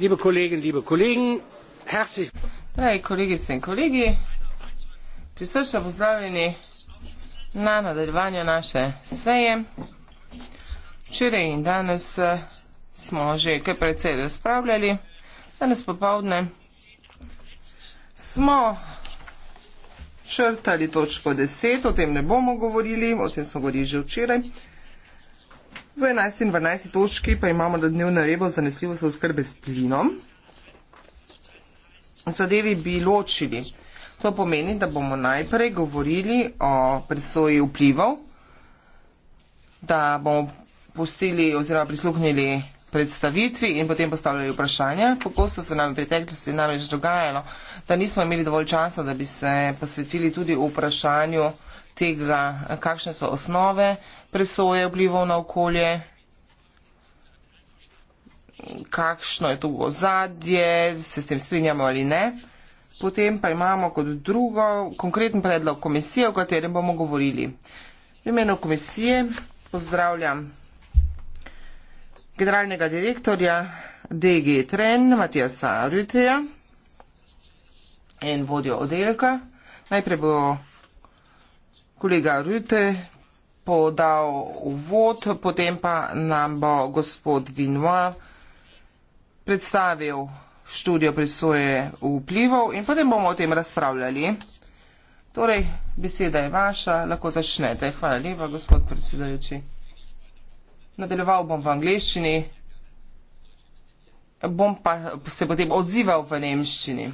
liebe Kolleginnen, liebe Kollegen, herzlich willkommen. Na nadaljevanju naše seje. Včeraj in danes eh, smo že kaj precej razpravljali. Danes popovdne smo črtali točko 10, o tem ne bomo govorili, o tem smo govorili že včeraj. Uh, V 11. in 12. točki pa imamo na dnevno rebo zanesljivost oskrbe s plinom. Zadevi bi ločili. To pomeni, da bomo najprej govorili o presoji vplivov, da bomo pustili oziroma prisluhnili predstavitvi in potem postavljali vprašanja. Pogosto se nam v preteklosti namreč dogajalo, da nismo imeli dovolj časa, da bi se posvetili tudi vprašanju uh, tega, kakšne so osnove presoje vplivov na okolje, kakšno je to ozadje, se s tem strinjamo ali ne. Potem pa imamo kot drugo konkreten predlog komisije, o katerem bomo govorili. V imenu komisije pozdravljam generalnega direktorja DG Tren, Matijasa Rüteja in vodjo oddelka. Najprej bo kolega Rute podal uvod, potem pa nam bo gospod Vinoa predstavil študijo presoje vplivov in potem bomo o tem razpravljali. Torej, beseda je vaša, lahko začnete. Hvala lepa, gospod predsedujoči. Nadaljeval bom v angliščini, bom pa se potem odzival v nemščini.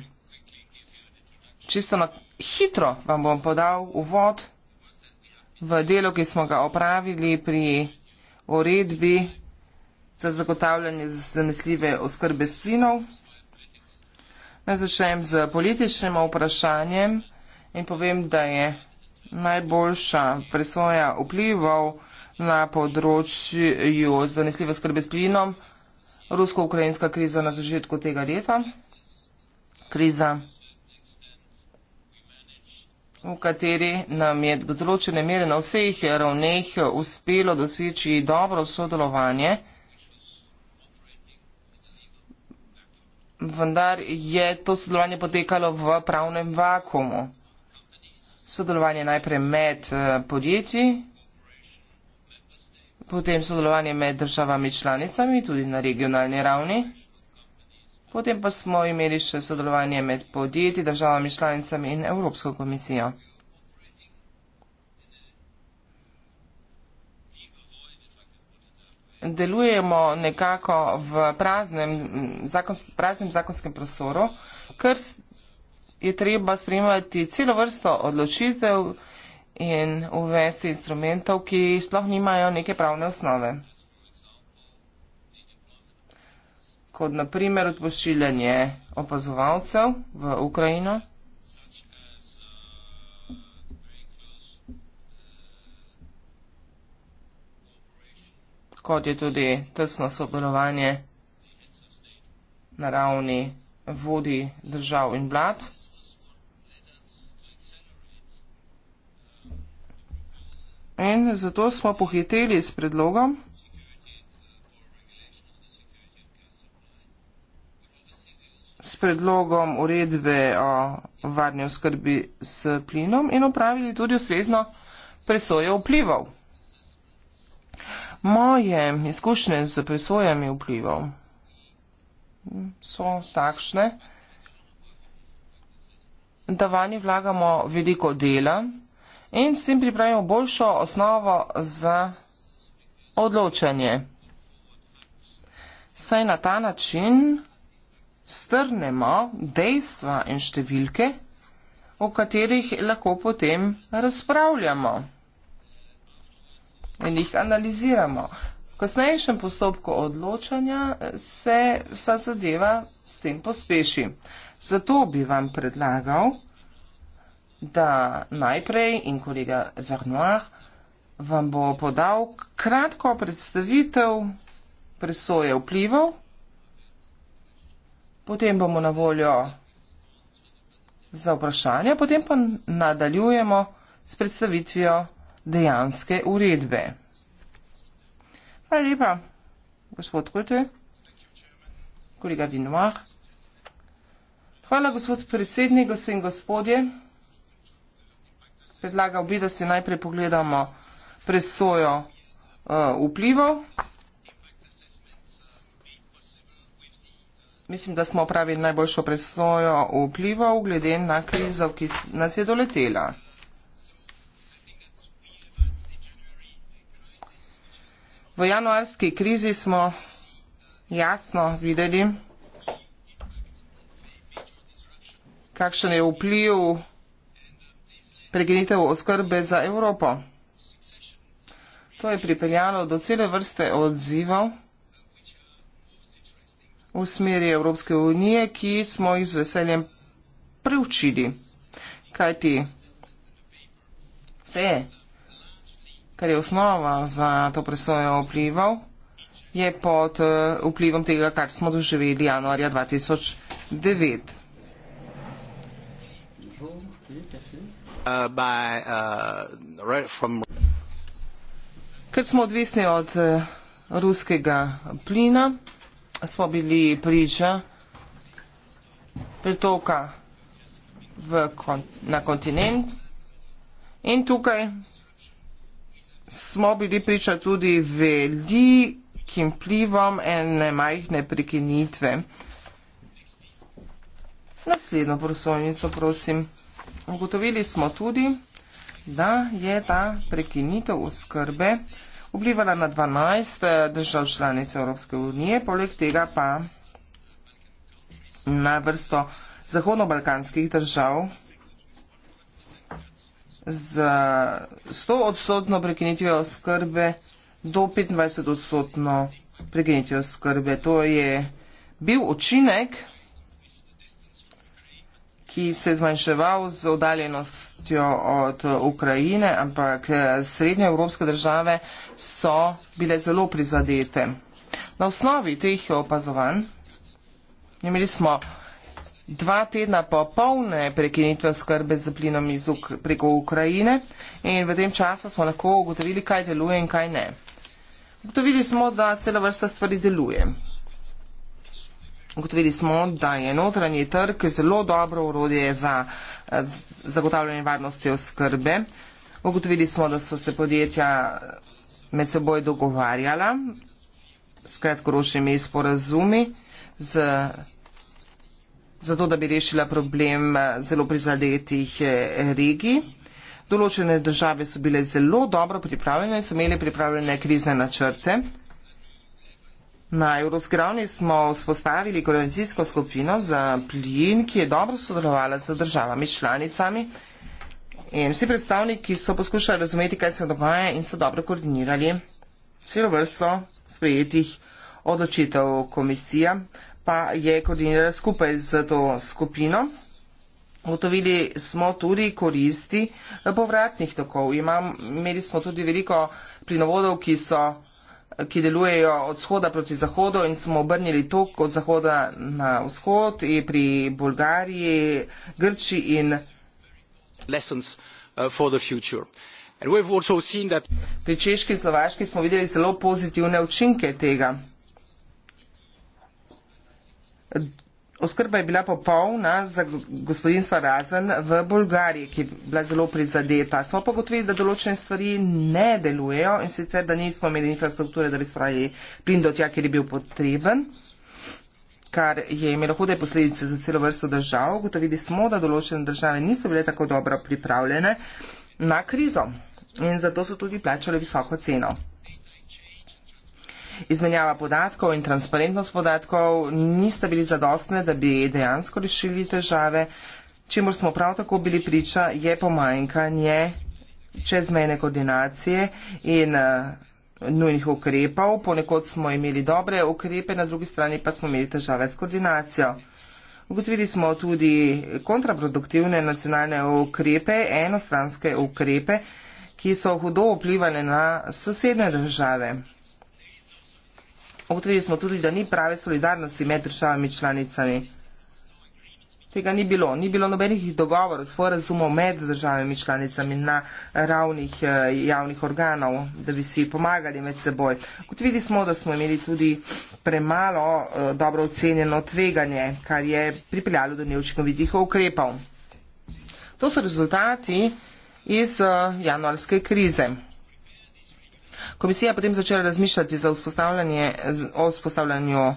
Čisto na hitro vam bom podal uvod v delu, ki smo ga opravili pri uredbi za zagotavljanje zanesljive oskrbe splinov. Naj začnem z političnim vprašanjem in povem, da je najboljša presoja vplivov na področju zanesljive oskrbe splinom rusko-ukrajinska kriza na začetku tega leta. Kriza v kateri nam je do določene mere na vseh ravneh uspelo doseči dobro sodelovanje, vendar je to sodelovanje potekalo v pravnem vakumu. Sodelovanje najprej med eh, podjetji, potem sodelovanje med državami članicami, tudi na regionalni ravni. Potem pa smo imeli še sodelovanje med podjetji, državami, članicami in Evropsko komisijo. Delujemo nekako v praznem, zakons, praznem zakonskem prostoru, ker je treba sprejemati celo vrsto odločitev in uvesti instrumentov, ki sploh nimajo neke pravne osnove. kot naprimer odpošiljanje opazovalcev v Ukrajino. kot je tudi tesno sodelovanje na ravni vodi držav in vlad. In zato smo pohiteli s predlogom, s predlogom uredbe o varni oskrbi s plinom in opravili tudi ustrezno presojo vplivov. Moje izkušnje z presojami vplivov so takšne, da vanji vlagamo veliko dela in s tem pripravimo boljšo osnovo za odločanje. Saj na ta način strnemo dejstva in številke, o katerih lahko potem razpravljamo in jih analiziramo. V kasnejšem postopku odločanja eh, se vsa zadeva s tem pospeši. Zato bi vam predlagal, da najprej in kolega Vernoir vam bo podal kratko predstavitev presoje vplivov potem bomo na voljo za vprašanje, potem pa nadaljujemo s predstavitvijo dejanske uredbe. Hvala lepa, gospod Kote, kolega Vinoah. Hvala, gospod predsednik, gospod in gospodje. Predlagal bi, da si najprej pogledamo presojo uh, vplivov. Mislim, da smo opravili najboljšo presojo vplivov glede na krizo, ki nas je doletela. V januarski krizi smo jasno videli, kakšen je vpliv pregenitev oskrbe za Evropo. To je pripeljalo do cele vrste odzivov v smeri Evropske unije, ki smo jih z veseljem preučili. Kaj ti? Vse, kar je osnova za to presojo vplival, je pod eh, vplivom tega, kar smo doživeli januarja 2009. Uh, by, uh, right from... Ker smo odvisni od uh, ruskega plina, smo bili priča pritoka v, na kontinent in tukaj smo bili priča tudi velikim plivom ene majhne prekinitve. Naslednjo prosojnico, prosim. Ugotovili smo tudi, da je ta prekinitev oskrbe vplivala na 12 eh, držav članic Evropske unije, poleg tega pa na vrsto zahodno-balkanskih držav z 100-odstotno prekinitvijo oskrbe do 25-odstotno prekinitvijo oskrbe. To je bil učinek ki se je zmanjševal z oddaljenostjo od Ukrajine, ampak eh, srednje evropske države so bile zelo prizadete. Na osnovi teh opazovanj imeli smo dva tedna popolne prekinitve skrbe z plinom iz Uk preko Ukrajine in v tem času smo lahko ugotovili, kaj deluje in kaj ne. Ugotovili smo, da cela vrsta stvari deluje. Ugotovili smo, da je notranji trg zelo dobro urodje za eh, zagotavljanje varnosti oskrbe. Ugotovili smo, da so se podjetja med seboj dogovarjala s kratkoročnimi sporazumi, z, zato da bi rešila problem eh, zelo prizadetih eh, regij. Določene države so bile zelo dobro pripravljene in so imeli pripravljene krizne načrte. Na evropski ravni smo vzpostavili koordinacijsko skupino za plin, ki je dobro sodelovala z državami članicami. In vsi predstavniki so poskušali razumeti, kaj se dogaja in so dobro koordinirali celo vrsto sprejetih odločitev komisija, pa je koordinirala skupaj z to skupino. Gotovili smo tudi koristi povratnih tokov. Imam, imeli smo tudi veliko plinovodov, ki so ki delujejo od vzhoda proti zahodu in smo obrnili tok od zahoda na vzhod in pri Bolgariji, Grči in. Lessons uh, for the future. Pri Češki in Slovaški smo videli zelo pozitivne učinke tega oskrba je bila popolna za gospodinstva razen v Bolgariji, ki je bila zelo prizadeta. Smo pa gotovili, da določene stvari ne delujejo in sicer, da nismo imeli infrastrukture, da bi spravili plin do tja, kjer je bil potreben kar je imelo hude posledice za celo vrsto držav. Gotovili smo, da določene države niso bile tako dobro pripravljene na krizo in zato so tudi plačali visoko ceno izmenjava podatkov in transparentnost podatkov nista bili zadostne, da bi dejansko rešili težave. Čemu smo prav tako bili priča, je pomanjkanje čezmejne koordinacije in eh, nujnih ukrepov. Ponekod smo imeli dobre ukrepe, na drugi strani pa smo imeli težave s koordinacijo. Ugotovili smo tudi kontraproduktivne nacionalne ukrepe, enostranske ukrepe, ki so hudo vplivali na sosednje države. Ugotovili smo tudi, da ni prave solidarnosti med državami članicami. Tega ni bilo. Ni bilo nobenih dogovorov, sporazumov med državami članicami na ravnih eh, javnih organov, da bi si pomagali med seboj. Kot vidi smo, da smo imeli tudi premalo eh, dobro ocenjeno tveganje, kar je pripeljalo do neučinkovitih ukrepov. To so rezultati iz eh, januarske krize. Komisija je potem začela razmišljati za o vzpostavljanju e,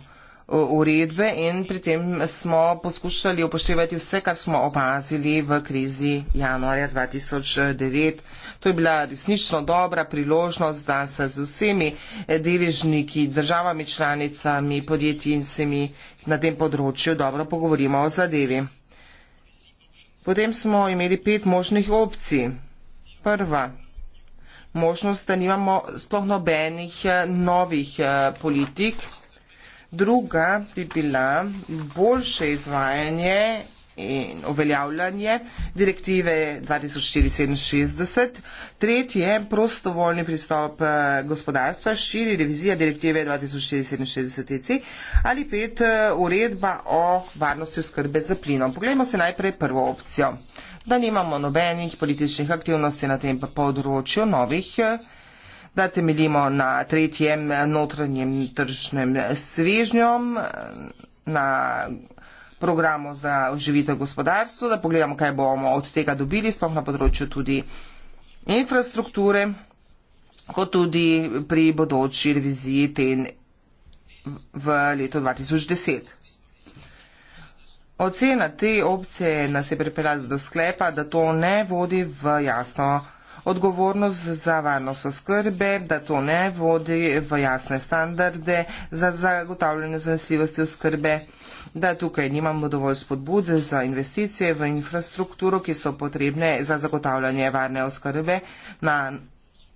uredbe in pri tem smo poskušali upoštevati vse, kar smo opazili v krizi januarja 2009. To je bila resnično dobra priložnost, da se z vsemi e, deležniki, državami, članicami, podjetji in vsemi na tem področju dobro pogovorimo o zadevi. Potem smo imeli pet možnih opcij. Prva možnost, da nimamo sploh nobenih eh, novih eh, politik. Druga bi bila boljše izvajanje in uveljavljanje direktive 2467. Tretji je prostovoljni pristop eh, gospodarstva, širi revizija direktive 2467 e ali pet eh, uredba o varnosti oskrbe z plinom. Poglejmo se najprej prvo opcijo, da nimamo nobenih političnih aktivnosti na tem področju novih eh, da temeljimo na tretjem notranjem tržnem svežnjom, na programu za oživitev gospodarstva, da pogledamo, kaj bomo od tega dobili, sploh na področju tudi infrastrukture, kot tudi pri bodoči reviziji TEN v letu 2010. Ocena te opcije nas je pripeljala do sklepa, da to ne vodi v jasno odgovornost za varnost oskrbe, da to ne vodi v jasne standarde za zagotavljanje zanesljivosti oskrbe, da tukaj nimamo dovolj spodbud za investicije v infrastrukturo, ki so potrebne za zagotavljanje varne oskrbe na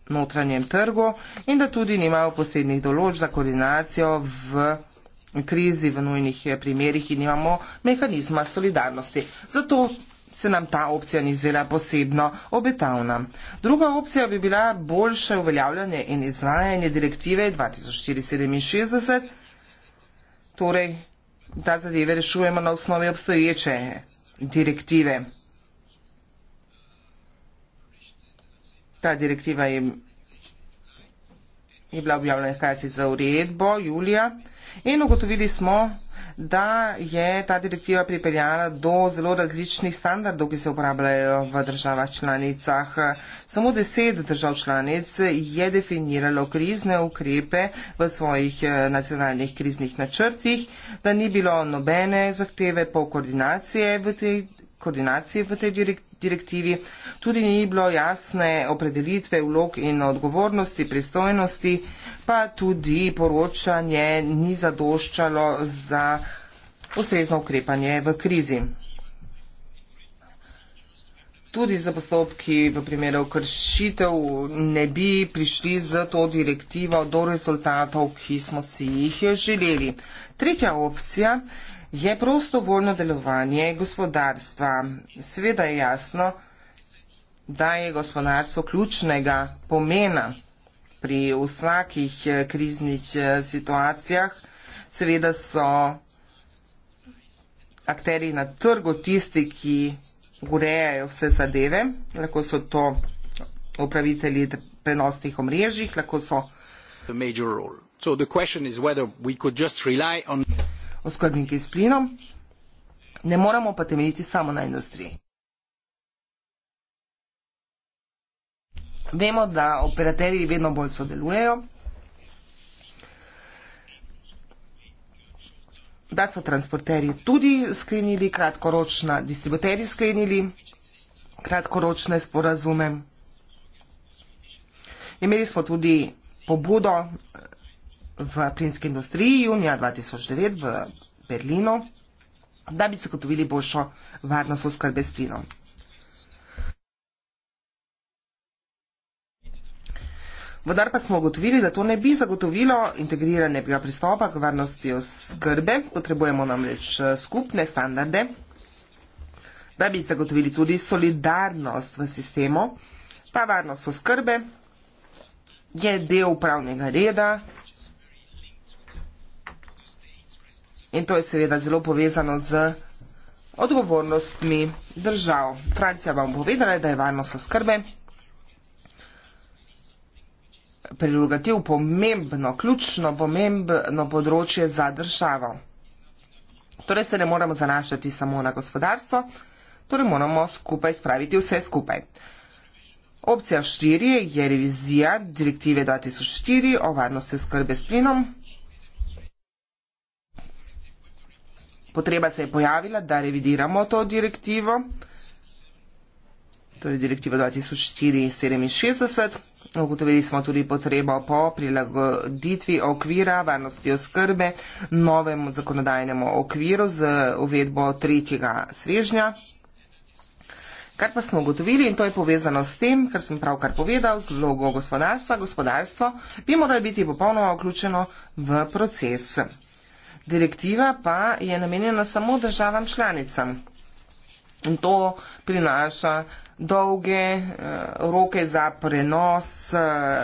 notranjem trgu in da tudi nimajo posebnih določb za koordinacijo v krizi v nujnih primerjih in imamo mehanizma solidarnosti. Zato se nam ta opcija ni zdela posebno obetavna. Druga opcija bi bila boljše uveljavljanje in izvajanje direktive 2004-67, torej da zadeve rešujemo na osnovi obstoječe direktive. Ta direktiva je, je bila objavljena hkrati za uredbo julija in ugotovili smo, da je ta direktiva pripeljala do zelo različnih standardov, ki se uporabljajo v državah članicah. Samo deset držav članic je definiralo krizne ukrepe v svojih eh, nacionalnih kriznih načrtih, da ni bilo nobene zahteve po koordinacije v tej koordinacije v tej direktivi, tudi ni bilo jasne opredelitve vlog in odgovornosti, pristojnosti, pa tudi poročanje ni zadoščalo za ustrezno ukrepanje v krizi. Tudi za postopki v primeru kršitev ne bi prišli z to direktivo do rezultatov, ki smo si jih želeli. Tretja opcija je prostovoljno delovanje gospodarstva. Sveda je jasno, da je gospodarstvo ključnega pomena pri vsakih eh, kriznih eh, situacijah. Seveda so akteri na trgu tisti, ki urejajo vse zadeve, lahko so to upravitelji prenosnih omrežjih, lahko so oskrbniki s plinom, ne moramo pa temeljiti samo na industriji. Vemo, da operaterji vedno bolj sodelujejo, da so transporterji tudi sklenili kratkoročna, distributerji sklenili kratkoročne sporazume. Imeli smo tudi pobudo v plinski industriji junija 2009 v Berlinu, da bi zagotovili boljšo varnost oskrbe s plinom. Vendar pa smo ugotovili, da to ne bi zagotovilo integriranega pristopa k varnosti oskrbe, potrebujemo namreč eh, skupne standarde, da bi zagotovili tudi solidarnost v sistemu. Ta varnost oskrbe je del upravnega reda in to je seveda zelo povezano z odgovornostmi držav. Francija vam povedala, da je varnost oskrbe prerogativ pomembno, ključno pomembno področje za državo. Torej se ne moramo zanašati samo na gospodarstvo, torej moramo skupaj spraviti vse skupaj. Opcija 4 je revizija direktive 2004 o varnosti oskrbe s plinom. potreba se je pojavila, da revidiramo to direktivo, torej direktivo 2004-67. Ugotovili smo tudi potrebo po prilagoditvi okvira varnosti oskrbe novemu zakonodajnemu okviru z uvedbo 3. svežnja. Kar pa smo ugotovili in to je povezano s tem, kar sem pravkar povedal, z vlogo gospodarstva. Gospodarstvo bi moralo biti popolnoma vključeno v proces. Direktiva pa je namenjena samo državam članicam. In to prinaša dolge uh, roke za prenos uh,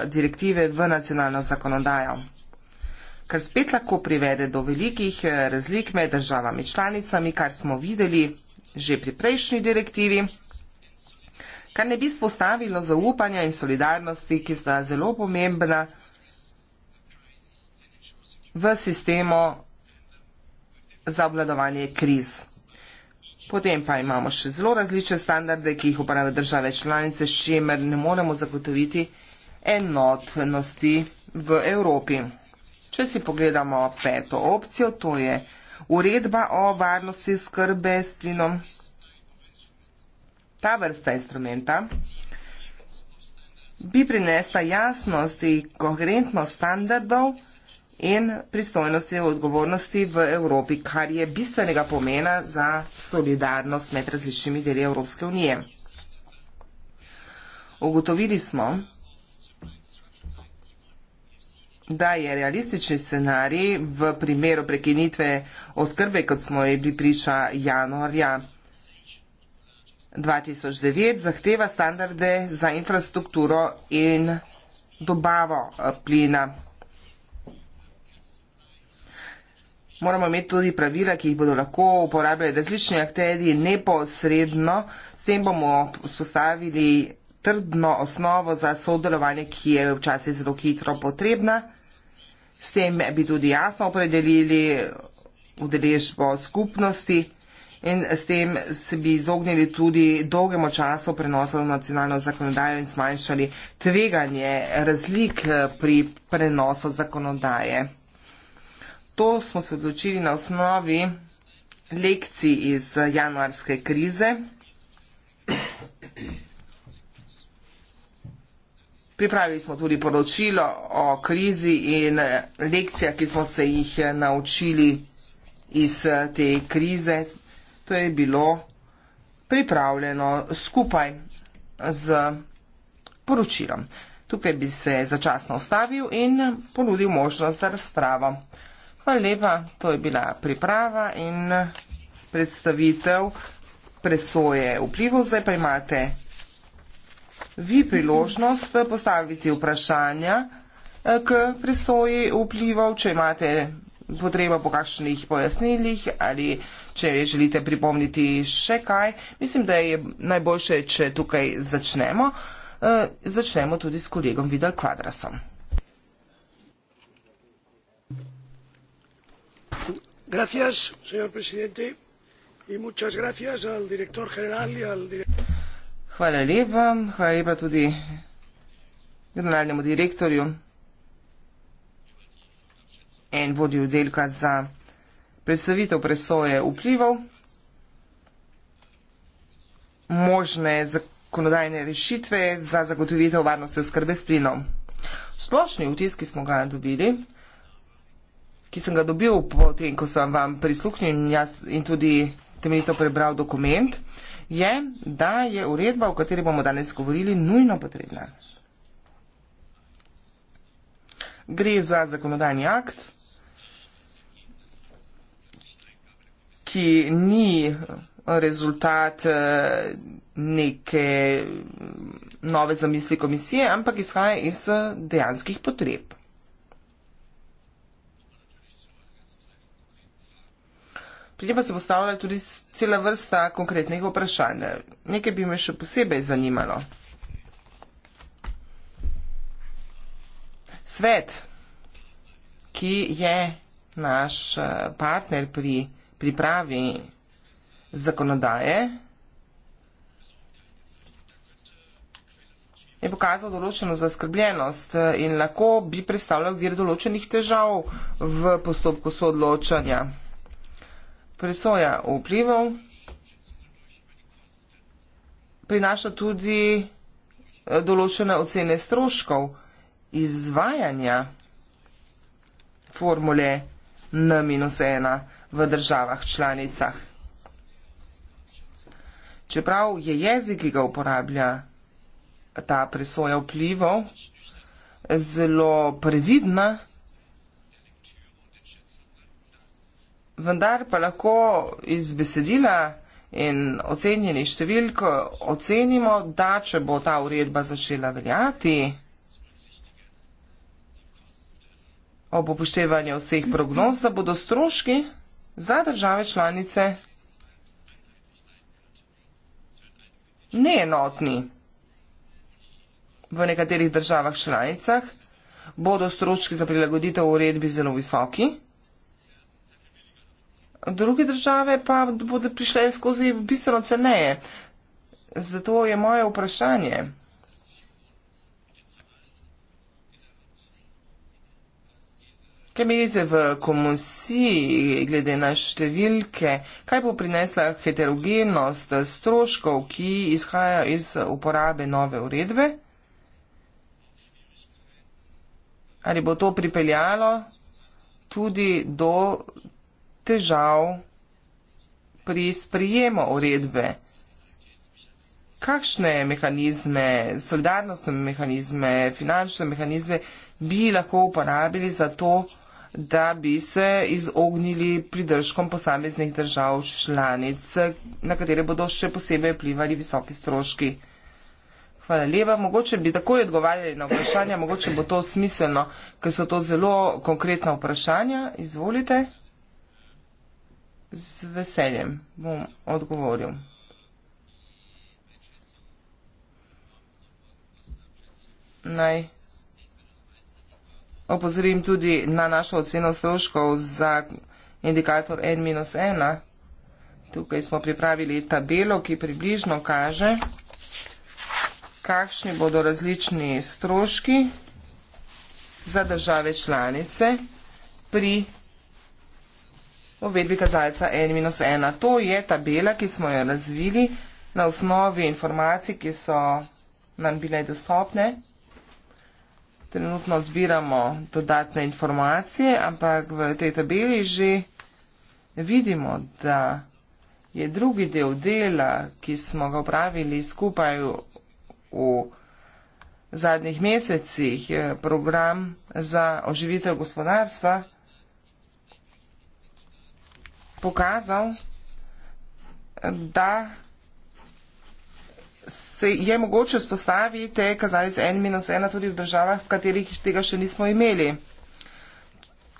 direktive v nacionalno zakonodajo. Kar spet lahko privede do velikih uh, razlik med državami članicami, kar smo videli že pri prejšnji direktivi, kar ne bi spostavilo zaupanja in solidarnosti, ki sta zelo pomembna v sistemu za obladovanje kriz. Potem pa imamo še zelo različne standarde, ki jih uporabljajo države članice, s čimer ne moremo zagotoviti enotnosti v Evropi. Če si pogledamo peto opcijo, to je uredba o varnosti skrbe s plinom. Ta vrsta instrumenta bi prinesla jasnost in koherentnost standardov, in pristojnosti in odgovornosti v Evropi, kar je bistvenega pomena za solidarnost med različnimi deli Evropske unije. Ugotovili smo, da je realistični scenarij v primeru prekinitve oskrbe, kot smo je bili priča januarja 2009, zahteva standarde za infrastrukturo in dobavo eh, plina. Moramo imeti tudi pravila, ki jih bodo lahko uporabljali različni akteri neposredno. S tem bomo spostavili trdno osnovo za sodelovanje, ki je včasih zelo hitro potrebna. S tem bi tudi jasno opredelili udeležbo skupnosti in s tem se bi izognili tudi dolgemu času prenosa v nacionalno zakonodajo in smanjšali tveganje razlik pri prenosu zakonodaje to smo se odločili na osnovi lekcij iz januarske krize. Pripravili smo tudi poročilo o krizi in lekcija, ki smo se jih naučili iz te krize, to je bilo pripravljeno skupaj z poročilom. Tukaj bi se začasno ostavil in ponudil možnost za razpravo. Hvala lepa, to je bila priprava in predstavitev presoje vplivov. Zdaj pa imate vi priložnost postaviti vprašanja eh, k presoji vplivov, če imate potrebo po kakšnih pojasnilih ali če želite pripomniti še kaj. Mislim, da je najboljše, če tukaj začnemo. Eh, začnemo tudi s kolegom Vidal Kvadrasom. señor presidente muchas gracias al director general y al Hvala lepa, hvala lepa tudi generalnemu direktorju in vodju delka za predstavitev presoje vplivov, možne zakonodajne rešitve za zagotovitev varnosti oskrbe s plinom. Splošni vtis, ki smo ga dobili, ki sem ga dobil potem, ko sem vam prisluhnil in tudi temeljito prebral dokument, je, da je uredba, o kateri bomo danes govorili, nujno potrebna. Gre za zakonodajni akt, ki ni rezultat eh, neke nove zamisli komisije, ampak izhaja iz eh, dejanskih potreb. Pri tem pa se postavlja tudi cela vrsta konkretnih vprašanj. Nekaj bi me še posebej zanimalo. Svet, ki je naš eh, partner pri pripravi zakonodaje, je pokazal določeno zaskrbljenost eh, in lahko bi predstavljal vir določenih težav v postopku soodločanja presoja vplivov prinaša tudi eh, določene ocene stroškov izvajanja formule N-1 v državah članicah. Čeprav je jezik, ki ga uporablja ta presoja vplivov, zelo previdna, vendar pa lahko iz besedila in ocenjeni številko ocenimo, da če bo ta uredba začela veljati ob upoštevanju vseh prognoz, da bodo stroški za države članice neenotni. V nekaterih državah članicah bodo stroški za prilagoditev uredbi zelo visoki druge države pa bodo prišle skozi bistveno ceneje. Zato je moje vprašanje. Kaj menite v komisiji glede na številke, kaj bo prinesla heterogenost stroškov, ki izhajajo iz uporabe nove uredbe? Ali bo to pripeljalo tudi do težav pri sprejemu uredbe. Kakšne mehanizme, solidarnostne mehanizme, finančne mehanizme bi lahko uporabili za to, da bi se izognili pridržkom posameznih držav članic, na katere bodo še posebej vplivali visoki stroški? Hvala lepa. Mogoče bi takoj odgovarjali na vprašanja, mogoče bo to smiselno, ker so to zelo konkretna vprašanja. Izvolite. Z veseljem bom odgovoril. Naj opozorim tudi na našo oceno stroškov za indikator N-1. Tukaj smo pripravili tabelo, ki približno kaže, kakšni bodo različni stroški za države članice pri vsega uvedbi kazalca n minus 1. To je tabela, ki smo jo razvili na osnovi informacij, ki so nam bile dostopne. Trenutno zbiramo dodatne informacije, ampak v tej tabeli že vidimo, da je drugi del dela, ki smo ga upravili skupaj v zadnjih mesecih, program za oživitev gospodarstva, pokazal, da se je mogoče spostavite kazalec N minus 1 tudi v državah, v katerih tega še nismo imeli.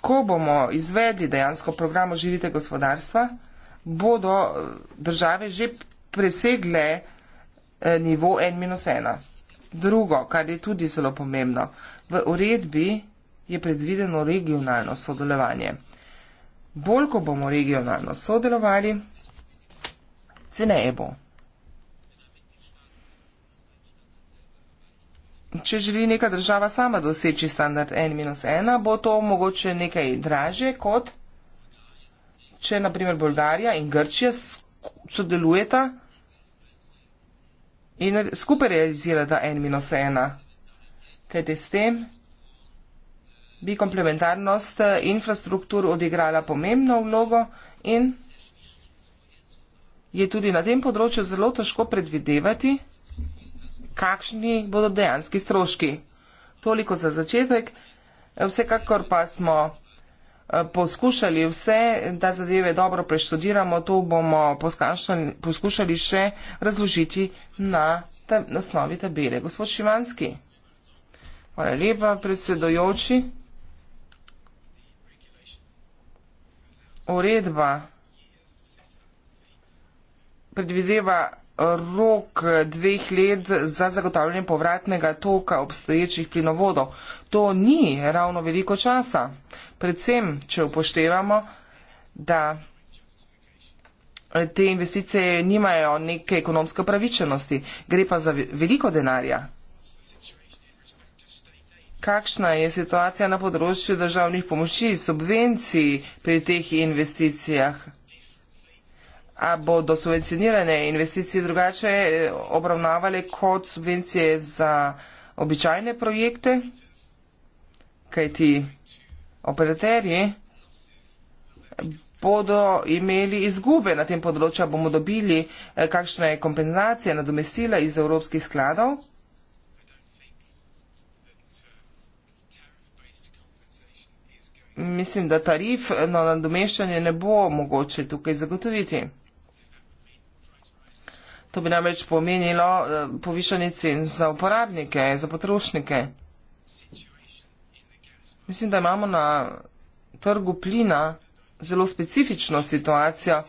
Ko bomo izvedli dejansko program oživite gospodarstva, bodo eh, države že presegle eh, nivo N minus 1. Drugo, kar je tudi zelo pomembno, v uredbi je predvideno regionalno sodelovanje bolj ko bomo regionalno sodelovali, ceneje bo. Če želi neka država sama doseči standard N-1, bo to mogoče nekaj dražje kot, če naprimer Bolgarija in Grčija sodelujeta in skupaj realizirata N-1. Kajte s tem? bi komplementarnost eh, infrastruktur odigrala pomembno vlogo in je tudi na tem področju zelo težko predvidevati, kakšni bodo dejanski stroški. Toliko za začetek. Eh, vsekakor pa smo eh, poskušali vse, da zadeve dobro preštudiramo, to bomo poskušali še razložiti na osnovi tabele. Gospod Šivanski, hvala lepa predsedojoči. uredba predvideva rok dveh let za zagotavljanje povratnega toka obstoječih plinovodov. To ni ravno veliko časa, predvsem, če upoštevamo, da te investicije nimajo neke ekonomske pravičenosti, gre pa za veliko denarja. Kakšna je situacija na področju državnih pomoči, subvencij pri teh investicijah? A bodo subvencionirane investicije drugače eh, obravnavali kot subvencije za običajne projekte? Kaj ti operaterji bodo imeli izgube na tem področju, bomo dobili eh, kakšne kompenzacije, nadomestila iz evropskih skladov? mislim, da tarif na nadomeščanje ne bo mogoče tukaj zagotoviti. To bi namreč pomenilo eh, povišanje cen za uporabnike, za potrošnike. Mislim, da imamo na trgu plina zelo specifično situacijo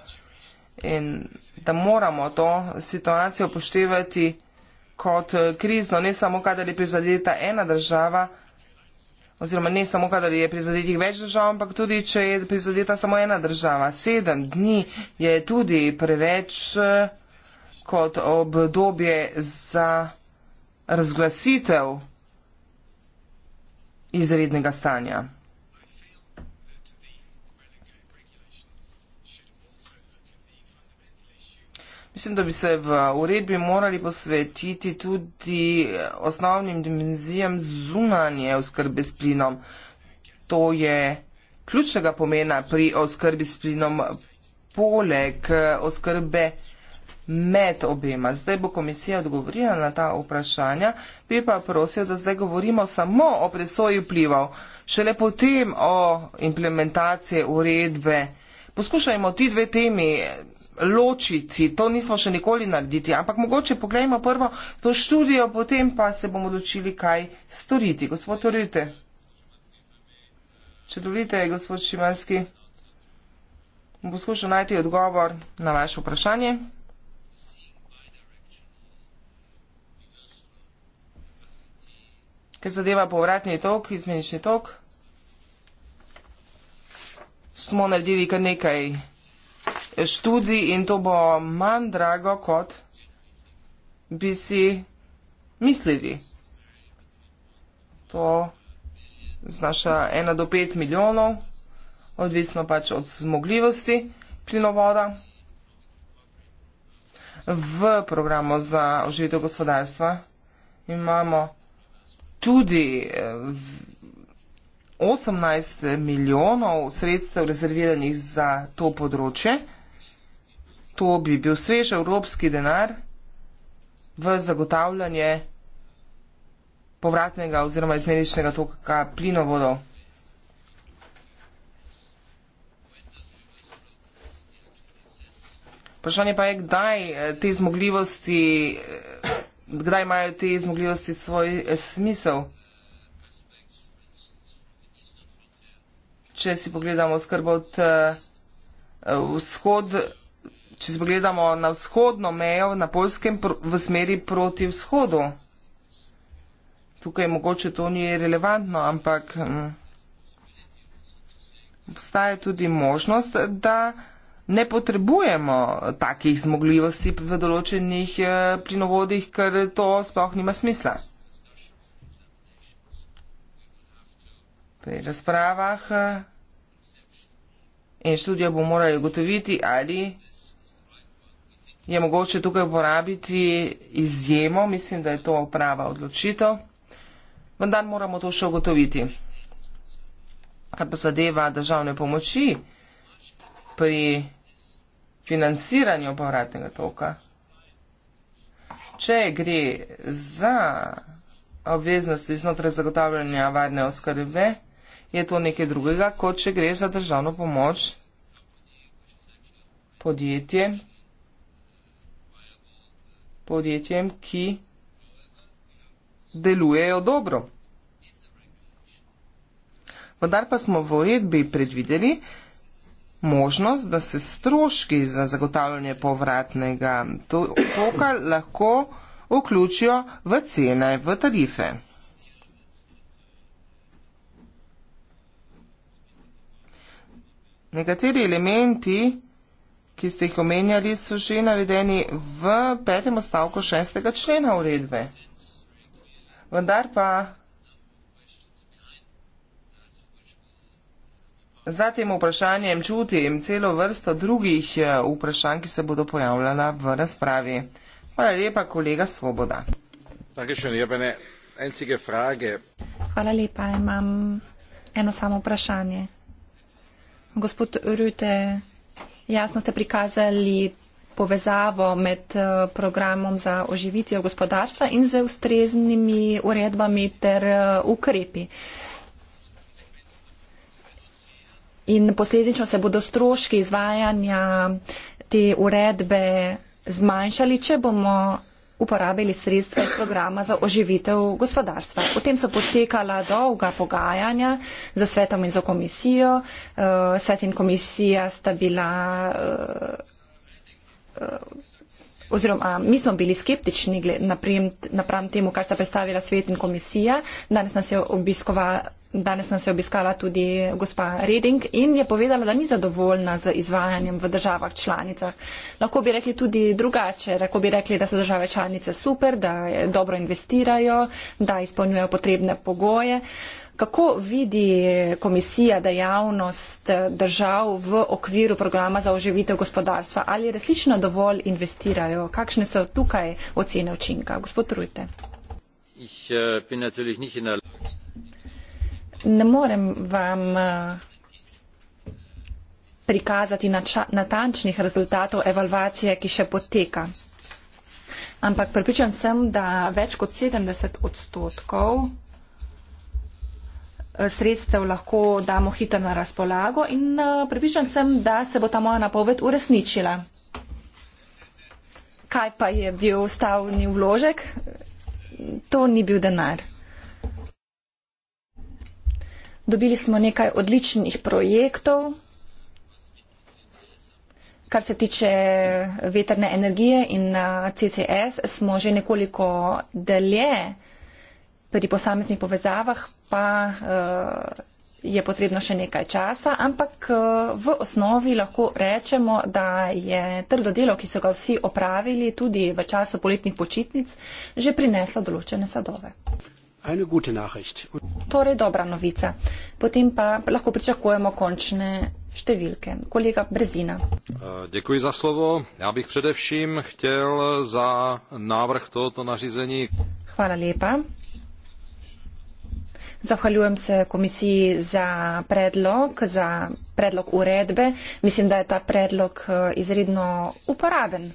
in da moramo to situacijo upoštevati kot krizno, ne samo kadar je prizadeta ena država, oziroma ne samo, kadar je prizadetih več držav, ampak tudi, če je prizadeta samo ena država. Sedem dni je tudi preveč eh, kot obdobje za razglasitev izrednega stanja. Mislim, da bi se v uredbi morali posvetiti tudi osnovnim dimenzijam zunanje oskrbe s plinom. To je ključnega pomena pri oskrbi s plinom poleg eh, oskrbe med obema. Zdaj bo komisija odgovorila na ta vprašanja, bi pa prosil, da zdaj govorimo samo o presoji vplivov, šele potem o implementaciji uredbe poskušajmo ti dve temi ločiti, to nismo še nikoli narediti, ampak mogoče pogledajmo prvo to študijo, potem pa se bomo odločili, kaj storiti. Gospod Torite. Če dovolite, gospod Šimanski, bom poskušal najti odgovor na vaše vprašanje. Ker zadeva povratni tok, izmenični tok smo naredili kar nekaj študij in to bo manj drago, kot bi si mislili. To znaša 1 do 5 milijonov, odvisno pač od zmogljivosti plinovoda. V programu za oživitev gospodarstva imamo tudi eh, 18 milijonov sredstev rezerviranih za to področje. To bi bil svež evropski denar v zagotavljanje povratnega oziroma izmeničnega toka plinovodov. Vprašanje pa je, kdaj eh, te zmogljivosti, eh, kdaj imajo te zmogljivosti svoj eh, smisel. če si pogledamo oskrbo od eh, vzhod, če si pogledamo na vzhodno mejo na Poljskem v smeri proti vzhodu. Tukaj mogoče to ni relevantno, ampak m, mm, obstaja tudi možnost, da ne potrebujemo takih zmogljivosti v določenih eh, plinovodih, ker to sploh nima smisla. Pri razpravah eh, in študijo bo morali ugotoviti, ali je mogoče tukaj uporabiti izjemo, mislim, da je to prava odločitev, vendar moramo to še ugotoviti. Kar pa zadeva državne pomoči pri financiranju povratnega toka, če gre za obveznosti znotraj zagotavljanja varne oskrbe, je to nekaj drugega, kot če gre za državno pomoč podjetjem, podjetjem ki delujejo dobro. Vendar pa smo v uredbi predvideli možnost, da se stroški za zagotavljanje povratnega toka lahko vključijo v cene, v tarife. nekateri elementi, ki ste jih omenjali, so že navedeni v petem ostavku šestega člena uredbe. Vendar pa za tem vprašanjem čutim celo vrsto drugih eh, vprašanj, ki se bodo pojavljala v razpravi. Hvala lepa, kolega Svoboda. Hvala lepa, imam eno samo vprašanje. Gospod Rute, jasno ste prikazali povezavo med eh, programom za oživitvijo gospodarstva in z ustreznimi uredbami ter eh, ukrepi. In posledično se bodo stroški izvajanja te uredbe zmanjšali, če bomo uporabili sredstva iz programa za oživitev gospodarstva. O tem so potekala dolga pogajanja za svetom in za komisijo. Uh, svet in komisija sta bila. Uh, uh, oziroma mi smo bili skeptični napram temu, kar sta predstavila svet in komisija. Danes nas je obiskovala Danes nas je obiskala tudi gospa Reding in je povedala, da ni zadovoljna z izvajanjem v državah članicah. Lahko bi rekli tudi drugače. Lahko bi rekli, da so države članice super, da dobro investirajo, da izpolnjujejo potrebne pogoje. Kako vidi komisija dejavnost držav v okviru programa za oživitev gospodarstva? Ali resnično dovolj investirajo? Kakšne so tukaj ocene učinka? Gospod Rujte. Ich, uh, ne morem vam eh, prikazati natančnih rezultatov evalvacije, ki še poteka. Ampak pripričan sem, da več kot 70 odstotkov eh, sredstev lahko damo hitro na razpolago in eh, pripričan sem, da se bo ta moja napoved uresničila. Kaj pa je bil stavni vložek? To ni bil denar. Dobili smo nekaj odličnih projektov, kar se tiče veterne energije in CCS, smo že nekoliko dalje pri posameznih povezavah, pa je potrebno še nekaj časa, ampak v osnovi lahko rečemo, da je trdo delo, ki so ga vsi opravili tudi v času poletnih počitnic, že prineslo določene sadove. Torej dobra novica. Potem pa lahko pričakujemo končne številke. Kolega Brezina. Eh, děkuji za slovo. Já bych především chtěl za návrh tohoto nařízení. Hvala lepa. Zahvaljujem se komisiji za predlog, za predlog uredbe. Mislim, da je ta predlog eh, izredno uporaben.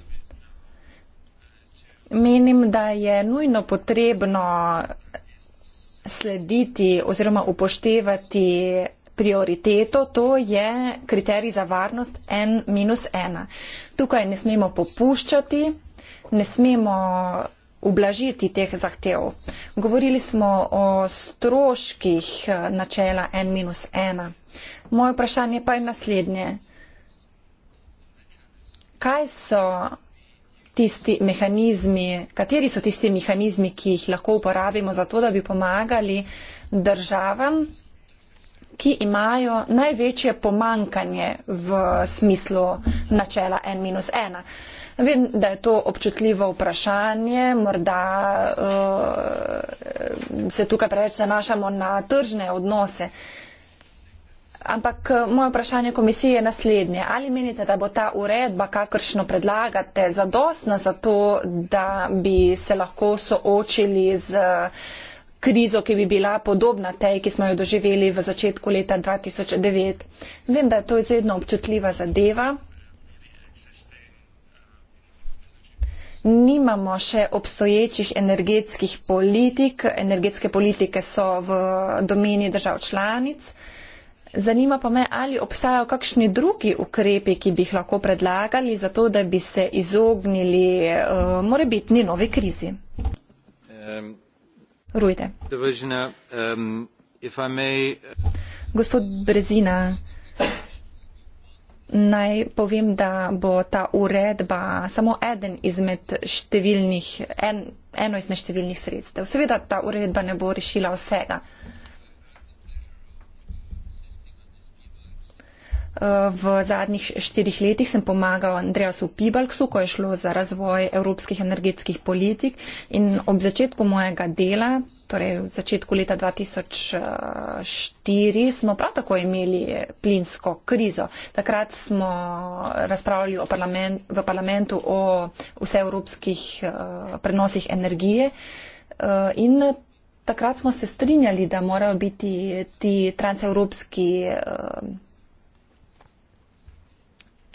Menim, da je nujno potrebno slediti oziroma upoštevati prioriteto, to je kriterij za varnost N minus 1. Tukaj ne smemo popuščati, ne smemo ublažiti teh zahtev. Govorili smo o stroških eh, načela N minus 1. Moje vprašanje pa je naslednje. Kaj so tisti mehanizmi, kateri so tisti mehanizmi, ki jih lahko uporabimo za to, da bi pomagali državam, ki imajo največje pomankanje v smislu načela N-1. Vem, da je to občutljivo vprašanje, morda uh, se tukaj preveč zanašamo na tržne odnose. Uh, Ampak eh, moje vprašanje komisije je naslednje. Ali menite, da bo ta uredba, kakršno predlagate, zadostna za to, da bi se lahko soočili z eh, krizo, ki bi bila podobna tej, ki smo jo doživeli v začetku leta 2009? Vem, da je to izredno občutljiva zadeva. Nimamo še obstoječih energetskih politik. Energetske politike so v domeni držav članic. Zanima pa me, ali obstajajo kakšni drugi ukrepi, ki bi jih lahko predlagali za to, da bi se izognili uh, morebitni novi krizi. Rujte. Eh, Gospod Brezina, naj povem, da bo ta uredba samo eden izmed številnih, en, eno izmed številnih sredstev. Seveda ta uredba ne bo rešila vsega. V zadnjih štirih letih sem pomagal Andreasu Pibalksu, ko je šlo za razvoj evropskih energetskih politik in ob začetku mojega dela, torej v začetku leta 2004, smo prav tako imeli plinsko krizo. Takrat smo razpravljali parlament, v parlamentu o vseevropskih eh, prenosih energije eh, in takrat smo se strinjali, da morajo biti ti transevropski eh,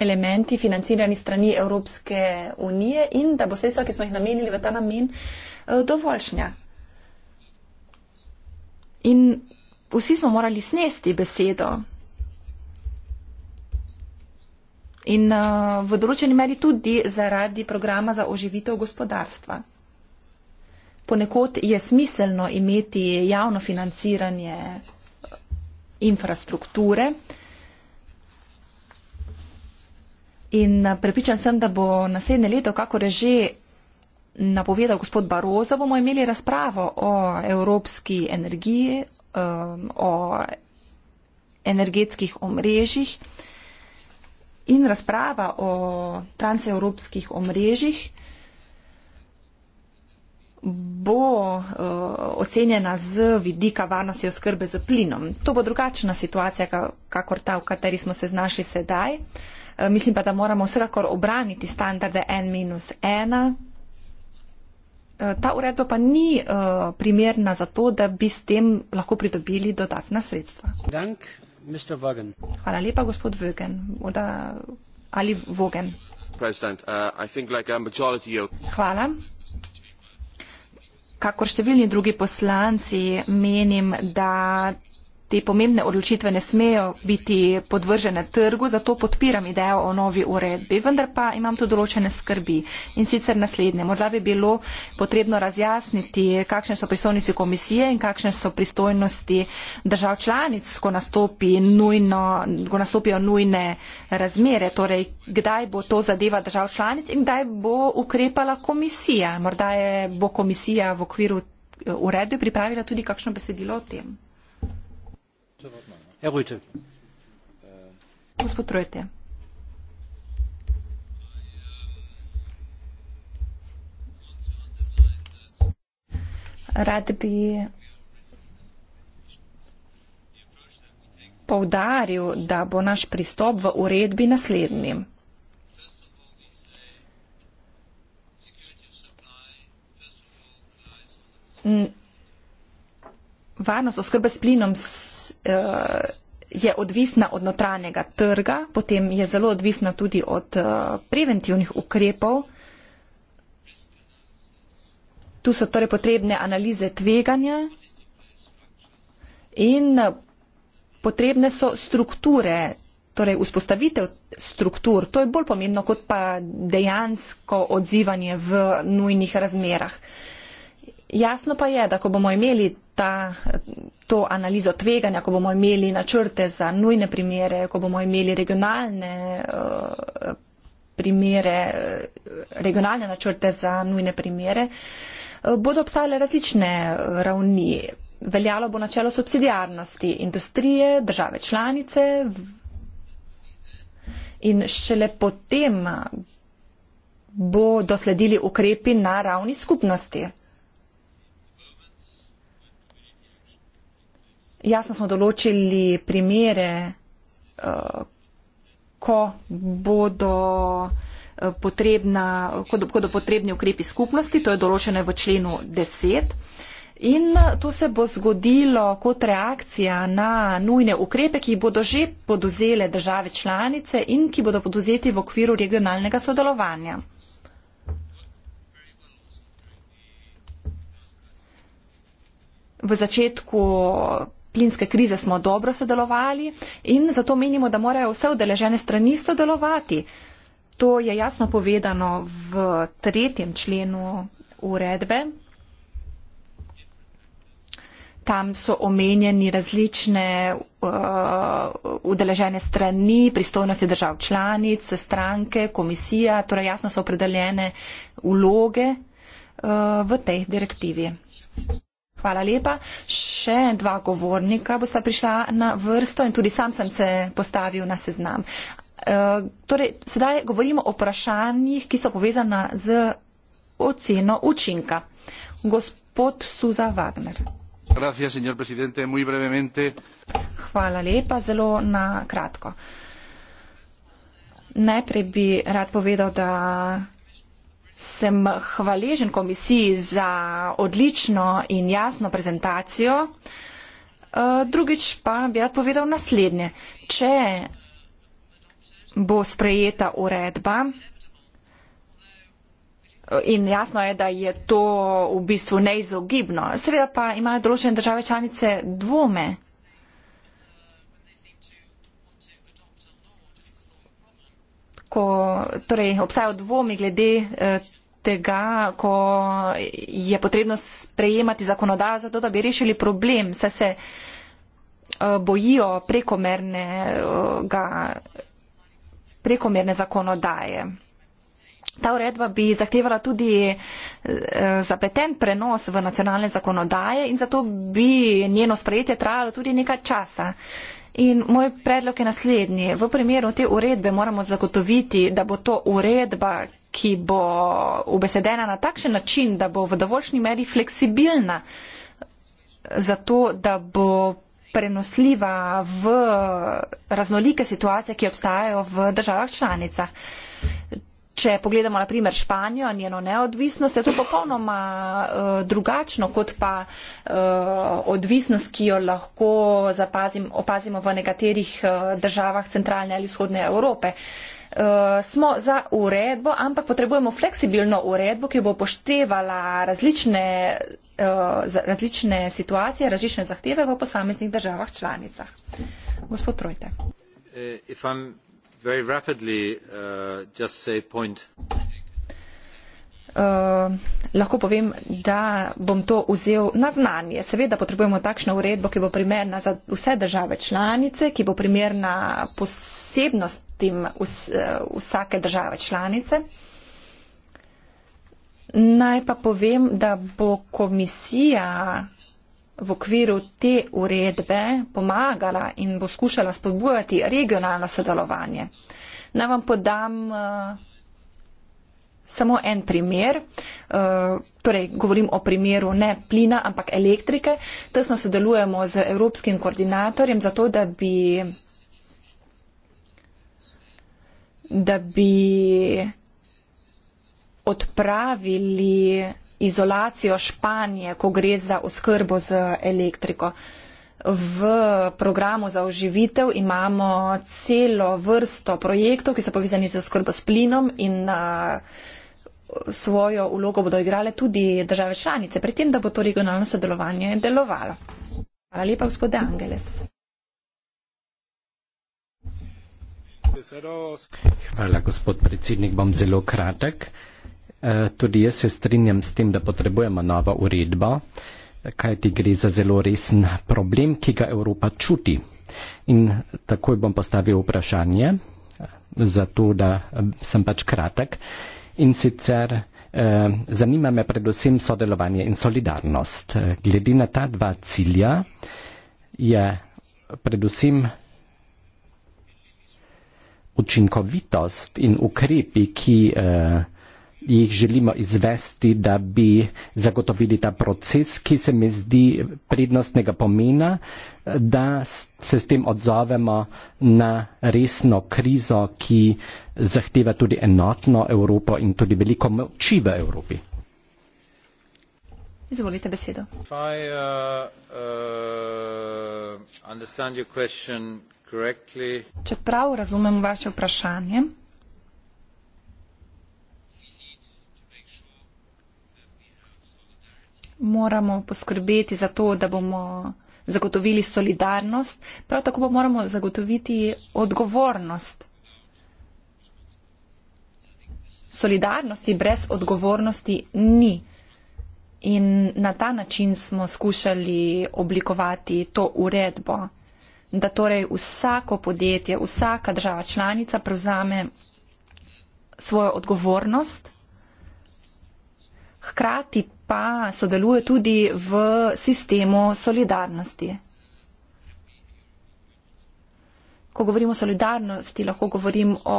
elementi financirani strani Evropske unije in da bo sredstva, ki smo jih namenili v ta namen, eh, dovoljšnja. In vsi smo morali snesti besedo. In uh, v določeni meri tudi zaradi programa za oživitev gospodarstva. Ponekod je smiselno imeti javno financiranje infrastrukture, uh, In eh, prepričan sem, da bo naslednje leto, kako reži napovedal gospod Barozo, bomo imeli razpravo o evropski energiji, ehm, o energetskih omrežjih in razprava o transevropskih omrežjih bo eh, ocenjena z vidika varnosti oskrbe z plinom. To bo drugačna situacija, kakor ta, v kateri smo se znašli sedaj. Eh, mislim pa, da moramo vsekakor obraniti standarde N-1. Eh, ta uredba pa ni uh, primerna za to, da bi s tem lahko pridobili dodatna sredstva. Dank, Hvala lepa, gospod Vögen. Morda ali Vogen. Uh, like of... Hvala. Kakor številni drugi poslanci menim, da te pomembne odločitve ne smejo biti podvržene trgu, zato podpiram idejo o novi uredbi. Vendar pa imam tu določene skrbi in sicer naslednje. Morda bi bilo potrebno razjasniti, kakšne so pristojnosti komisije in kakšne so pristojnosti držav članic, ko, nastopi nujno, ko nastopijo nujne razmere. Torej, kdaj bo to zadeva držav članic in kdaj bo ukrepala komisija. Morda je, bo komisija v okviru eh, uredbe pripravila tudi kakšno besedilo o tem. Ja, Gospod Rojte. Rad bi povdaril, da bo naš pristop v uredbi naslednji. N varnost oskrbe s plinom s, uh, je odvisna od notranjega trga, potem je zelo odvisna tudi od uh, preventivnih ukrepov. Tu so torej potrebne analize tveganja in eh, potrebne so strukture, torej vzpostavitev struktur. To je bolj pomembno kot pa dejansko odzivanje v nujnih razmerah. Uh, Jasno pa je, da ko bomo imeli ta, to analizo tveganja, ko bomo imeli načrte za nujne primere, ko bomo imeli regionalne eh, primere, eh, regionalne načrte za nujne primere, eh, bodo obstajale različne ravni. Veljalo bo načelo subsidijarnosti industrije, države članice in šele potem bodo sledili ukrepi na ravni skupnosti. Jasno smo določili primere, eh, ko bodo, eh, potrebna, ko, do, ko do potrebni ukrepi skupnosti, to je določeno v členu 10. In eh, to se bo zgodilo kot reakcija na nujne ukrepe, ki bodo že poduzele države članice in ki bodo poduzeti v okviru regionalnega sodelovanja. V začetku plinske krize smo dobro sodelovali in zato menimo, da morajo vse udeležene strani sodelovati. To je jasno povedano v tretjem členu uredbe. Tam so omenjeni različne uh, udeležene uh, strani, pristojnosti držav članic, stranke, komisija, torej jasno so opredeljene uloge uh, v tej direktivi. Hvala lepa. Še dva govornika bosta prišla na vrsto in tudi sam sem se postavil na seznam. E, torej, sedaj govorimo o vprašanjih, ki so povezana z oceno učinka. Gospod Suza Wagner. Gracias, señor presidente, muy brevemente. Hvala lepa, zelo na kratko. Najprej bi rad povedal, da sem hvaležen komisiji za odlično in jasno prezentacijo. E, drugič pa bi rad povedal naslednje. Če bo sprejeta uredba in jasno je, da je to v bistvu neizogibno, seveda pa imajo določene države članice dvome ko, torej obstajajo dvomi glede eh, tega, ko je potrebno sprejemati zakonodajo za to, da bi rešili problem, saj se eh, bojijo prekomernega, prekomerne zakonodaje. Ta uredba bi zahtevala tudi eh, zapeten prenos v nacionalne zakonodaje in zato bi njeno sprejetje trajalo tudi nekaj časa. In moj predlog je naslednji. V primeru te uredbe moramo zagotoviti, da bo to uredba, ki bo ubesedena na takšen način, da bo v dovoljšnji meri fleksibilna, zato da bo prenosljiva v raznolike situacije, ki obstajajo v državah članicah. Če pogledamo naprimer Španijo in njeno neodvisnost, je to popolnoma uh, drugačno, kot pa uh, odvisnost, ki jo lahko zapazim, opazimo v nekaterih uh, državah centralne ali vzhodne Evrope. Uh, smo za uredbo, ampak potrebujemo fleksibilno uredbo, ki bo poštevala različne, uh, različne situacije, različne zahteve v posameznih državah članicah. Gospod Trojte. Uh, very rapidly uh, just say point. Uh, lahko povem, da bom to vzel na znanje. Seveda potrebujemo takšno uredbo, ki bo primerna za vse države članice, ki bo primerna posebnostim uh, vsake države članice. Naj pa povem, da bo komisija v okviru te uredbe pomagala in bo skušala spodbujati regionalno sodelovanje. Naj vam podam uh, samo en primer. Uh, torej, govorim o primeru ne plina, ampak elektrike. Tesno sodelujemo z evropskim koordinatorjem zato, da bi, da bi odpravili izolacijo Španije, ko gre za oskrbo z elektriko. V programu za oživitev imamo celo vrsto projektov, ki so povezani z oskrbo s plinom in svojo vlogo bodo igrale tudi države članice, pri tem, da bo to regionalno sodelovanje delovalo. Hvala lepa, gospode Angeles. Hvala, gospod predsednik. Bom zelo kratek. Eh, tudi jaz se strinjam s tem, da potrebujemo nova uredba, kaj ti gre za zelo resen problem, ki ga Evropa čuti. In takoj bom postavil vprašanje, eh, zato da eh, sem pač kratek. In sicer zanima me predvsem sodelovanje in solidarnost. Glede na ta dva cilja je predvsem učinkovitost in ukrepi, ki jih želimo izvesti, da bi zagotovili ta proces, ki se mi zdi prednostnega pomena, da se s tem odzovemo na resno krizo, ki zahteva tudi enotno Evropo in tudi veliko moči v Evropi. Izvolite besedo. I, uh, uh, Čeprav razumem vaše vprašanje, moramo poskrbeti za to, da bomo zagotovili solidarnost, prav tako pa moramo zagotoviti odgovornost. Solidarnosti brez odgovornosti ni. In na ta način smo skušali oblikovati to uredbo, da torej vsako podjetje, vsaka država članica prevzame svojo odgovornost, hkrati pa sodeluje tudi v sistemu solidarnosti. Ko govorimo o solidarnosti, lahko govorim o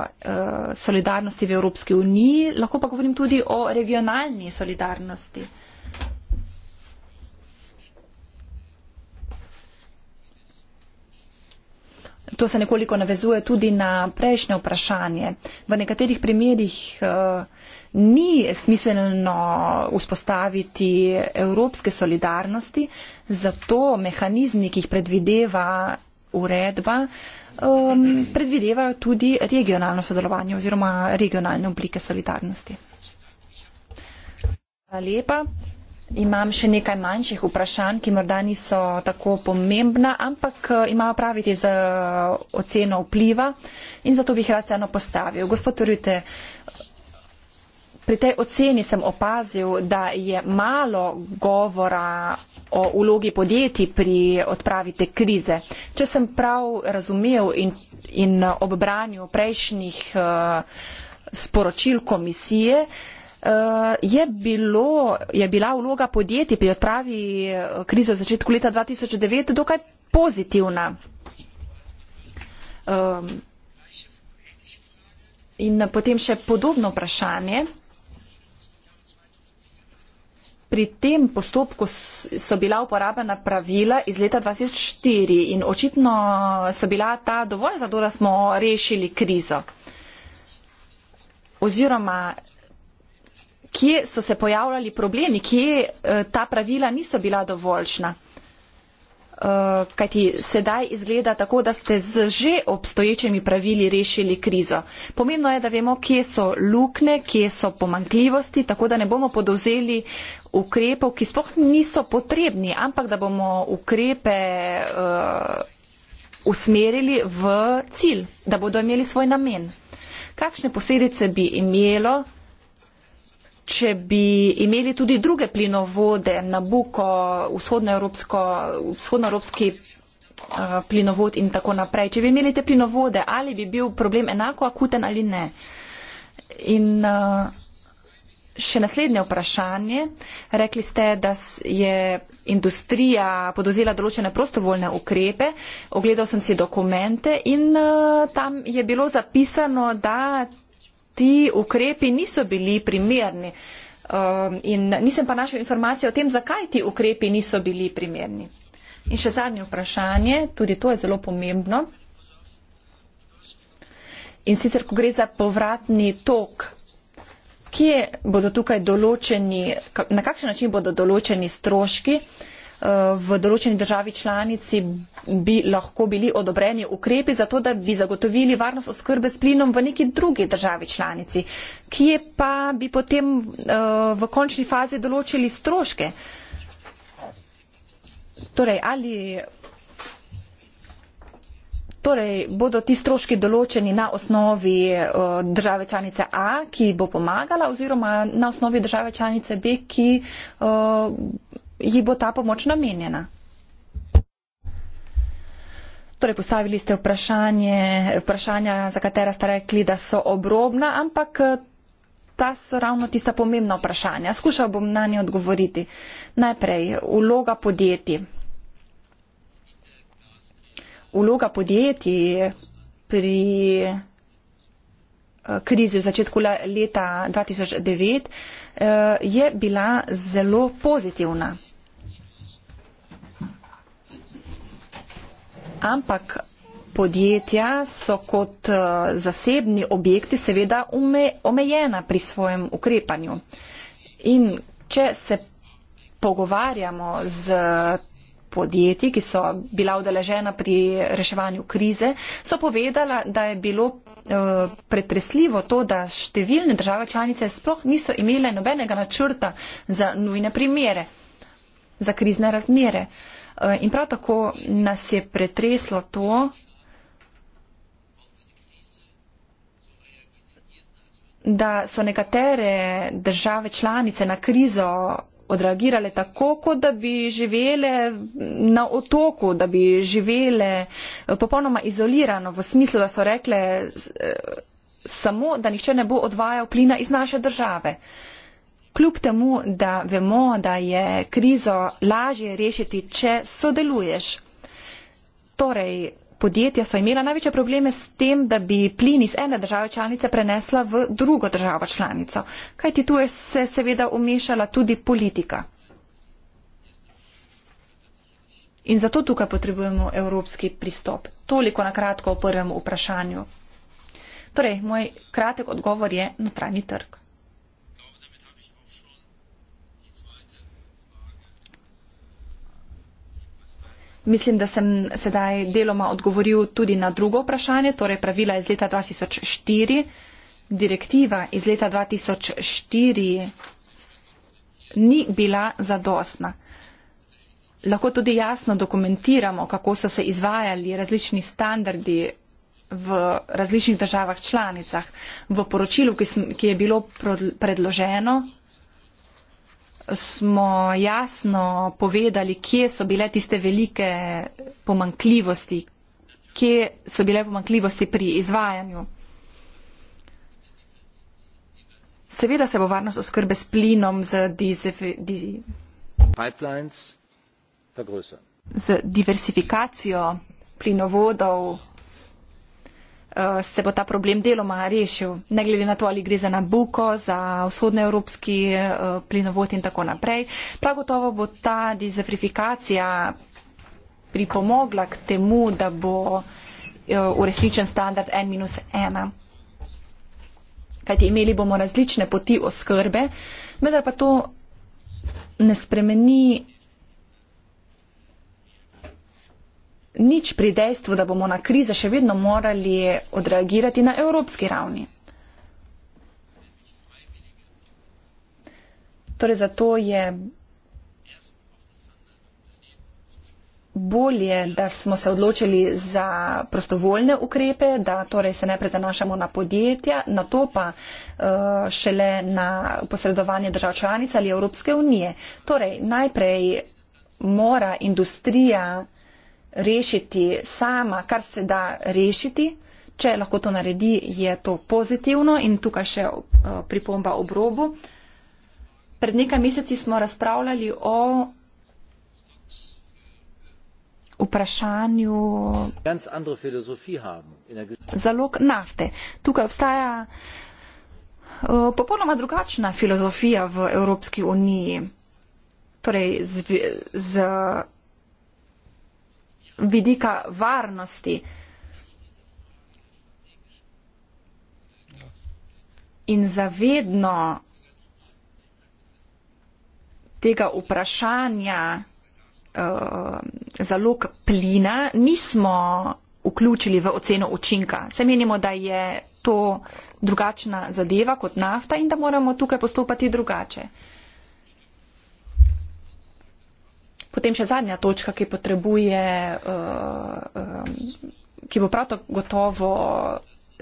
eh, solidarnosti v Evropski uniji, lahko pa govorim tudi o regionalni solidarnosti. To se nekoliko navezuje tudi na prejšnje vprašanje. V nekaterih primerjih eh, ni smiselno vzpostaviti evropske solidarnosti, zato mehanizmi, ki jih predvideva uredba, um, predvidevajo tudi regionalno sodelovanje oziroma regionalne oblike solidarnosti. Hvala lepa. Imam še nekaj manjših vprašanj, ki morda niso tako pomembna, ampak eh, imajo praviti z eh, oceno vpliva in zato bih rad se eno postavil. Gospod Rute, pri tej oceni sem opazil, da je malo govora o ulogi podjetij pri odpravi te krize. Če sem prav razumel in, in ob branju prejšnjih uh, sporočil komisije, uh, je, bilo, je bila uloga podjetij pri odpravi eh, krize v začetku leta 2009 dokaj pozitivna. Um, in potem še podobno vprašanje pri tem postopku so bila uporabljena pravila iz leta 2004 in očitno so bila ta dovolj za to, da smo rešili krizo. Oziroma, kje so se pojavljali problemi, kje eh, ta pravila niso bila dovoljšna. Eh, kajti sedaj izgleda tako, da ste z že obstoječimi pravili rešili krizo. Pomembno je, da vemo, kje so lukne, kje so pomankljivosti, tako da ne bomo podozeli ukrepov, ki spoh niso potrebni, ampak da bomo ukrepe uh, usmerili v cilj, da bodo imeli svoj namen. Kakšne posledice bi imelo če bi imeli tudi druge plinovode na Buko, vzhodnoevropski eh, plinovod in tako naprej. Če bi imeli te plinovode, ali bi bil problem enako akuten ali ne? In eh, še naslednje vprašanje. Rekli ste, da je industrija podozela določene prostovoljne ukrepe. Ogledal sem si dokumente in eh, tam je bilo zapisano, da ti ukrepi niso bili primerni. Um, in nisem pa našel informacije o tem, zakaj ti ukrepi niso bili primerni. In še zadnje vprašanje, tudi to je zelo pomembno. In sicer, ko gre za povratni tok, kje bodo tukaj določeni, na kakšen način bodo določeni stroški, Eh, v določeni državi članici bi lahko bili odobreni ukrepi za to, da bi zagotovili varnost oskrbe s plinom v neki drugi državi članici, ki je pa bi potem eh, v končni fazi določili stroške. Torej, ali Torej, bodo ti stroški določeni na osnovi eh, države članice A, ki bo pomagala, oziroma na osnovi države članice B, ki ji bo ta pomoč namenjena. Torej, postavili ste vprašanje, vprašanja, za katera ste rekli, da so obrobna, ampak eh, ta so ravno tista pomembna vprašanja. Skušal bom na nje odgovoriti. Najprej, vloga podjetij. Vloga podjetij pri Eh, krizi v začetku leta 2009, eh, je bila zelo pozitivna. Ampak podjetja so kot eh, zasebni objekti seveda omejena pri svojem ukrepanju. In če se pogovarjamo z podjetij, ki so bila udeležena pri reševanju krize, so povedala, da je bilo eh, pretresljivo to, da številne države članice sploh niso imele nobenega načrta za nujne primere, za krizne razmere. Eh, in prav tako nas je pretreslo to, da so nekatere države članice na krizo odreagirale tako, kot da bi živele na otoku, da bi živele eh, popolnoma izolirano, v smislu, da so rekle eh, samo, da nihče ne bo odvajal plina iz naše države. Kljub temu, da vemo, da je krizo lažje rešiti, če sodeluješ. Torej, podjetja so imela največje probleme s tem, da bi plin iz ene države članice prenesla v drugo državo članico. Kaj ti tu je se seveda umešala tudi politika? In zato tukaj potrebujemo evropski pristop. Toliko na kratko o prvem vprašanju. Torej, moj kratek odgovor je notranji trg. Mislim, da sem sedaj deloma odgovoril tudi na drugo vprašanje, torej pravila iz leta 2004. Direktiva iz leta 2004 ni bila zadostna. Lahko tudi jasno dokumentiramo, kako so se izvajali različni standardi v različnih državah članicah. V poročilu, ki, sm, ki je bilo predloženo, smo jasno povedali, kje so bile tiste velike pomankljivosti, kje so bile pomankljivosti pri izvajanju. Seveda se bo varnost oskrbe s plinom, z, z diversifikacijo plinovodov uh, se bo ta problem deloma rešil, ne glede na to, ali gre za Nabuko, za vzhodnoevropski uh, plinovod in tako naprej. Prav gotovo bo ta dizafrifikacija pripomogla k temu, da bo eh, uresničen uh, standard N-1. Kajti imeli bomo različne poti oskrbe, vendar pa to ne spremeni nič pri dejstvu, da bomo na krize še vedno morali odreagirati na evropski ravni. Torej zato je bolje, da smo se odločili za prostovoljne ukrepe, da torej se najprej zanašamo na podjetja, na to pa uh, šele na posredovanje držav članic ali Evropske unije. Torej najprej mora industrija rešiti sama, kar se da rešiti. Če lahko to naredi, je to pozitivno in tukaj še uh, pripomba ob robu. Pred nekaj meseci smo razpravljali o vprašanju zalog nafte. Tukaj obstaja uh, popolnoma drugačna filozofija v Evropski uniji. Torej z, z vidika varnosti. In zavedno tega vprašanja uh, zalog plina nismo vključili v oceno učinka. Se menimo, da je to drugačna zadeva kot nafta in da moramo tukaj postopati drugače. Uh, Potem še zadnja točka, ki potrebuje, uh, um, ki bo prav tako gotovo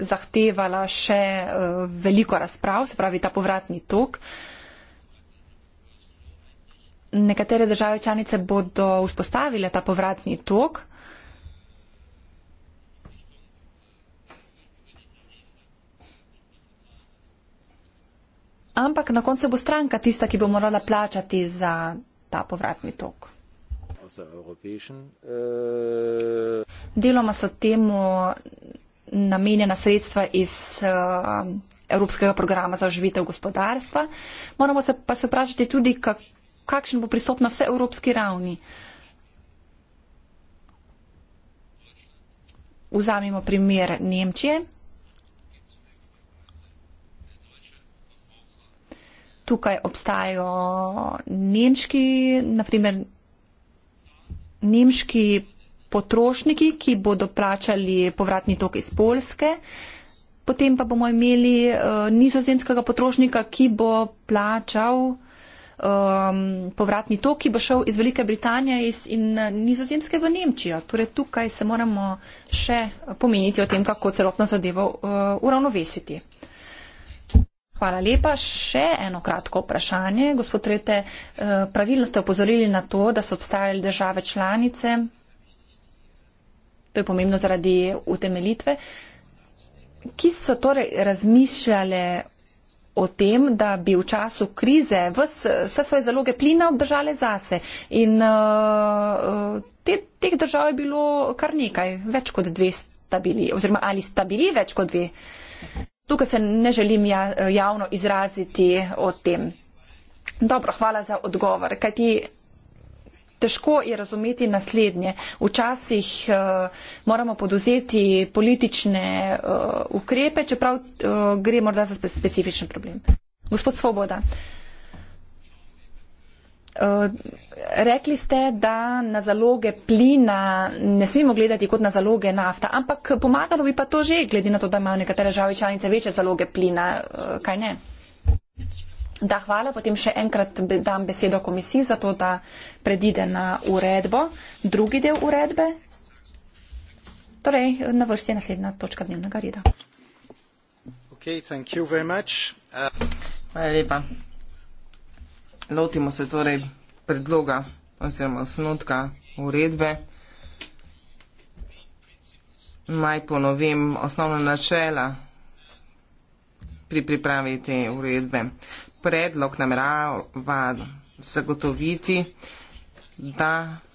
zahtevala še uh, veliko razprav, se pravi ta povratni tok. Nekatere države članice bodo vzpostavile ta povratni tok. Ampak na koncu bo stranka tista, ki bo morala plačati za ta povratni tok. Äh, Deloma so temu namenjena sredstva iz äh, Evropskega programa za oživitev gospodarstva. Moramo se pa se vprašati tudi, kakšen bo pristop na vse evropski ravni. Vzamimo primer Nemčije. Tukaj obstajajo nemški, naprimer nemški potrošniki, ki bodo plačali povratni tok iz Polske. Potem pa bomo imeli uh, nizozemskega potrošnika, ki bo plačal um, povratni tok, ki bo šel iz Velike Britanije iz, in eh, nizozemske v Nemčijo. Torej tukaj se moramo še pomeniti o tem, kako celotno zadevo uh, uravnovesiti. Hvala lepa. Še eno kratko vprašanje. Gospod Trete, eh, pravilno ste opozorili na to, da so obstajali države članice. To je pomembno zaradi utemelitve. Ki so torej razmišljale o tem, da bi v času krize vse svoje zaloge plina obdržale zase. In eh, eh, te, teh držav je bilo kar nekaj, več kot dve sta bili, oziroma ali sta bili več kot dve. Tukaj se ne želim ja, javno izraziti o tem. Dobro, hvala za odgovor. Težko je razumeti naslednje. Včasih uh, moramo poduzeti politične uh, ukrepe, čeprav uh, gre morda za specifičen problem. Gospod Svoboda, uh, Eh, rekli ste, da na zaloge plina ne smemo gledati kot na zaloge nafta, ampak pomagalo bi pa to že, glede na to, da imajo nekatere države članice večje zaloge plina, eh, kaj ne? Da, hvala. Potem še enkrat dam besedo komisiji za to, da predide na uredbo. Drugi del uredbe. Torej, na vrsti je naslednja točka dnevnega reda. Okay, thank you very much. Uh... Hvala lepa. Lotimo se torej predloga oziroma osnotka uredbe. Naj ponovim osnovna načela pri pripravi te uredbe. Predlog namerava zagotoviti, da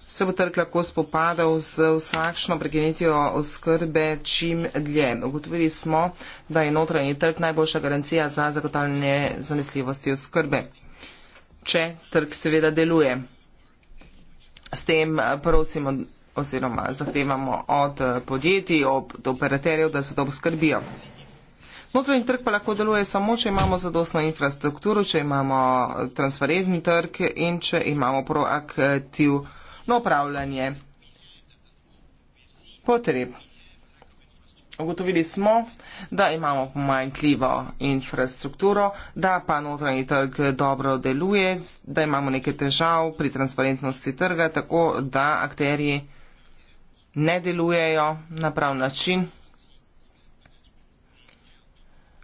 se bo trg lahko spopadal z vsakšno prekinitijo oskrbe čim dlje. Ugotovili smo, da je notranji trg najboljša garancija za zagotavljanje zanesljivosti oskrbe če trg seveda deluje. S tem eh, prosimo oziroma zahtevamo od eh, podjetij, od operaterjev, da se to poskrbijo. Notranji trg pa lahko deluje samo, če imamo zadostno infrastrukturo, če imamo eh, transferentni trg in če imamo proaktivno upravljanje potreb. Ugotovili smo, da imamo pomanjkljivo infrastrukturo, da pa notranji trg dobro deluje, da imamo neke težav pri transparentnosti trga, tako da akterji ne delujejo na prav način.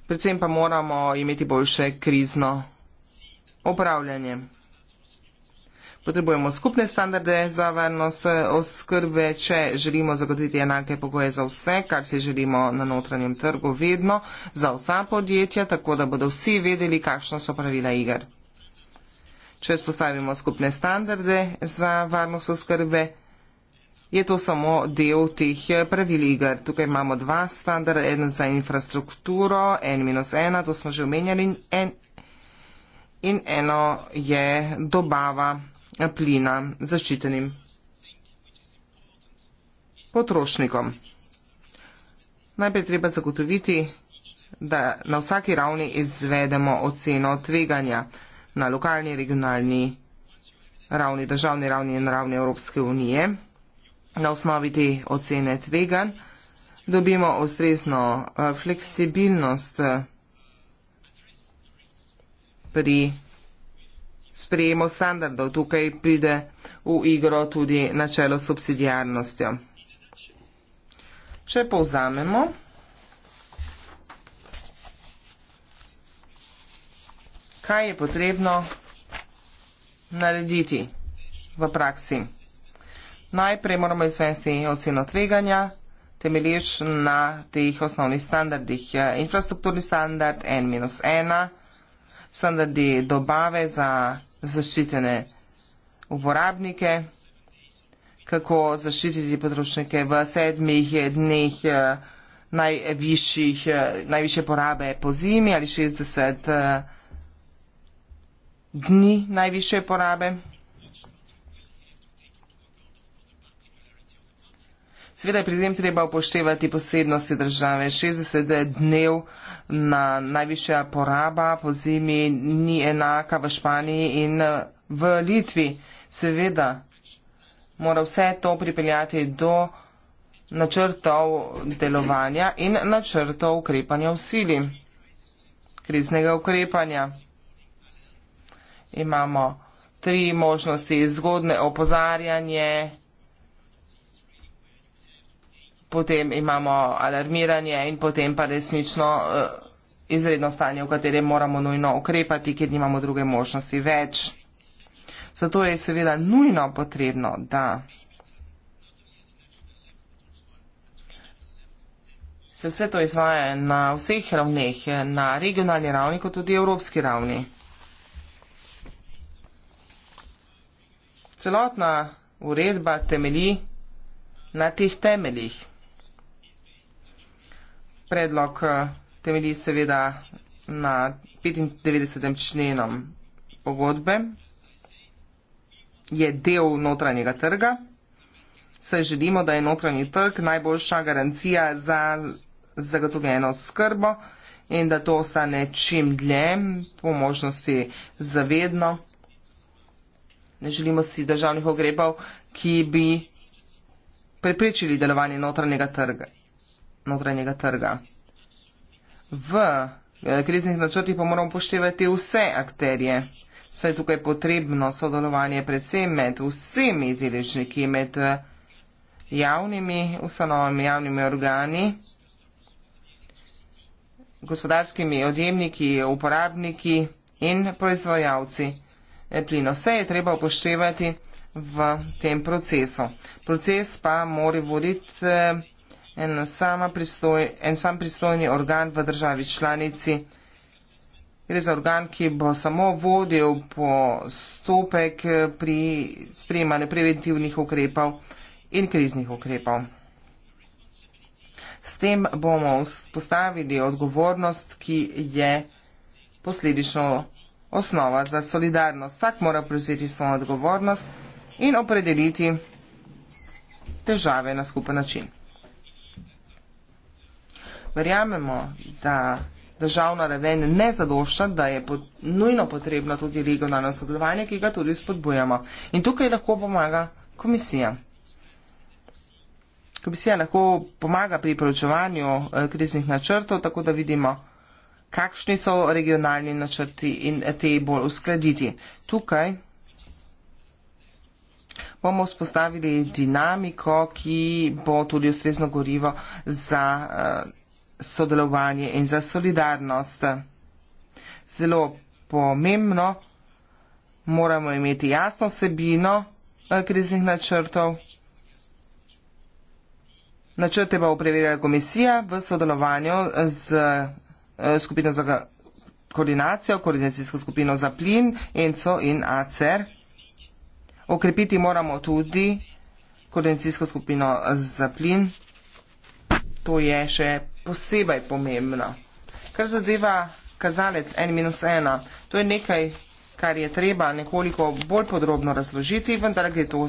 Predvsem pa moramo imeti boljše krizno upravljanje. Potrebujemo skupne standarde za varnost oskrbe, če želimo zagotoviti enake pogoje za vse, kar si želimo na notranjem trgu vedno, za vsa podjetja, tako da bodo vsi vedeli, kakšno so pravila igr. Če spostavimo skupne standarde za varnost oskrbe, je to samo del teh pravil igr. Tukaj imamo dva standarda, en za infrastrukturo, en minus ena, to smo že omenjali, in, en, in eno je dobava plina zaščitenim potrošnikom. Najprej treba zagotoviti, da na vsaki ravni izvedemo oceno tveganja na lokalni, regionalni ravni, državni ravni in ravni Evropske unije. Na osnovi te ocene tvegan dobimo ustrezno eh, fleksibilnost eh, pri sprejemu standardov. Tukaj pride v igro tudi načelo subsidijarnostjo. Če povzamemo, kaj je potrebno narediti v praksi. Najprej moramo izvesti oceno tveganja, temelječ na teh osnovnih standardih. Infrastrukturni standard N-1, standardi dobave za zaščitene uporabnike, kako zaščititi potrošnike v sedmih dneh eh, najvišjih, eh, najviše porabe po zimi ali 60 eh, dni najviše porabe. Sveda je pri tem treba upoštevati posebnosti države. 60 dnev na najvišja poraba po zimi ni enaka v Španiji in v Litvi. Seveda mora vse to pripeljati do načrtov delovanja in načrtov ukrepanja v sili, kriznega ukrepanja. Imamo tri možnosti, zgodne opozarjanje, potem imamo alarmiranje in potem pa resnično eh, izredno stanje, v katerem moramo nujno ukrepati, ker nimamo druge možnosti več. Zato je seveda nujno potrebno, da se vse to izvaja na vseh ravneh, na regionalni ravni, kot tudi evropski ravni. Celotna uredba temelji na teh temeljih predlog eh, temelji seveda na 95. členom pogodbe, je del notranjega trga, saj želimo, da je notranji trg najboljša garancija za zagotovljeno skrbo in da to ostane čim dlje, po možnosti zavedno. Ne želimo si državnih ogrebov, ki bi preprečili delovanje notranjega trga notranjega trga. V eh, kriznih načrtih pa moramo poštevati vse akterje. Saj tukaj je potrebno sodelovanje predvsem med vsemi deležniki, med eh, javnimi ustanovami, javnimi organi, gospodarskimi odjemniki, uporabniki in proizvajalci eh, plino. Vse je treba upoštevati v tem procesu. Proces pa mora voditi pristoj, en sam pristojni organ v državi članici. Gre za organ, ki bo samo vodil postopek pri sprejemanju preventivnih ukrepov in kriznih ukrepov. S tem bomo vzpostavili odgovornost, ki je posledično osnova za solidarnost. Vsak mora prevzeti svojo odgovornost in opredeliti težave na skupen način verjamemo, da državna raven ne zadošča, da je pot, nujno potrebno tudi regionalno sodelovanje, ki ga tudi spodbujamo. In tukaj lahko pomaga komisija. Komisija lahko pomaga pri proučevanju eh, kriznih načrtov, tako da vidimo, kakšni so regionalni načrti in eh, te bolj uskladiti. Tukaj bomo vzpostavili dinamiko, ki bo tudi ustrezno gorivo za. Eh, sodelovanje in za solidarnost. Zelo pomembno, moramo imeti jasno sebino eh, kriznih načrtov. Načrte bo preverjala komisija v sodelovanju z eh, skupino za koordinacijo, koordinacijsko skupino za plin, ENCO in ACER. Okrepiti moramo tudi koordinacijsko skupino za plin. To je še posebej pomembna. Kar zadeva kazalec N-1, to je nekaj, kar je treba nekoliko bolj podrobno razložiti, vendar gre to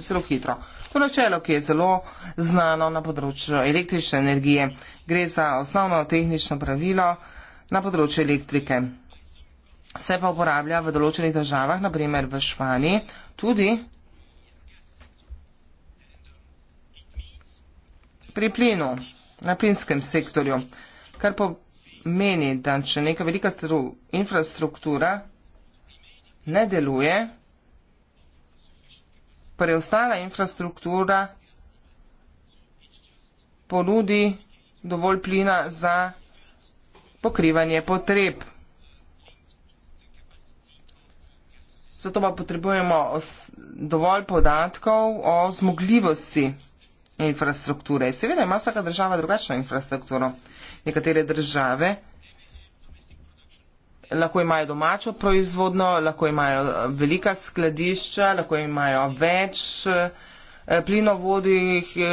zelo hitro. To načelo, ki je zelo znano na področju električne energije, gre za osnovno tehnično pravilo na področju elektrike. Se pa uporablja v določenih državah, naprimer v Španiji, tudi pri plinu na plinskem sektorju, kar pomeni, da če neka velika infrastruktura ne deluje, preostala infrastruktura ponudi dovolj plina za pokrivanje potreb. Zato pa potrebujemo dovolj podatkov o zmogljivosti infrastrukture. Seveda ima vsaka država drugačno infrastrukturo. Nekatere države lahko imajo domačo proizvodno, lahko imajo eh, velika skladišča, lahko imajo več eh, plinovodih, eh,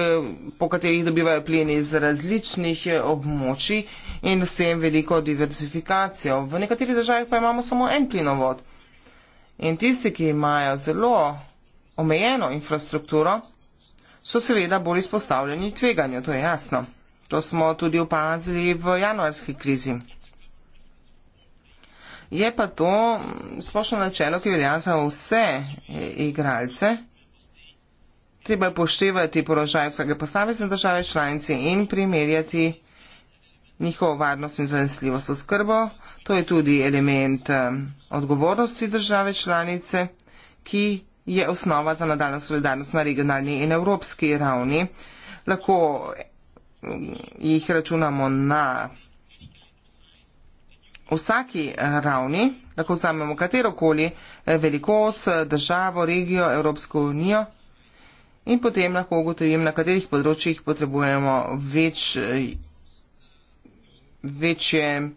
po katerih dobivajo plin iz različnih območij in s tem veliko diversifikacijo. V nekaterih državah pa imamo samo en plinovod. In tisti, ki imajo zelo omejeno infrastrukturo, so seveda bolj izpostavljeni tveganju, to je jasno. To smo tudi opazili v januarski krizi. Je pa to splošno načelo, ki velja za vse igralce. Treba je poštevati položaj vsake posamezne države članice in primerjati njihovo varnost in zanesljivost v skrbo. To je tudi element um, odgovornosti države članice, ki je osnova za nadaljno solidarnost na regionalni in evropski ravni. Lahko mm, jih računamo na vsaki ravni, lahko vzamemo katerokoli eh, velikost, državo, regijo, Evropsko unijo in potem lahko ugotovim, na katerih področjih potrebujemo več, eh, večje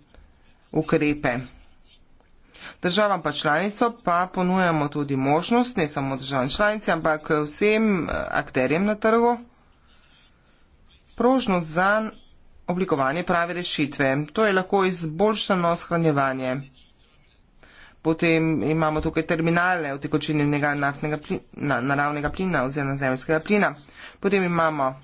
ukrepe. Državam pa članico pa ponujamo tudi možnost, ne samo državam članici, ampak vsem eh, akterjem na trgu, prožnost za oblikovanje prave rešitve. To je lahko izboljšano shranjevanje. Potem imamo tukaj terminale otekočinjenega naftnega plina, naravnega plina oziroma zemljskega plina. Potem imamo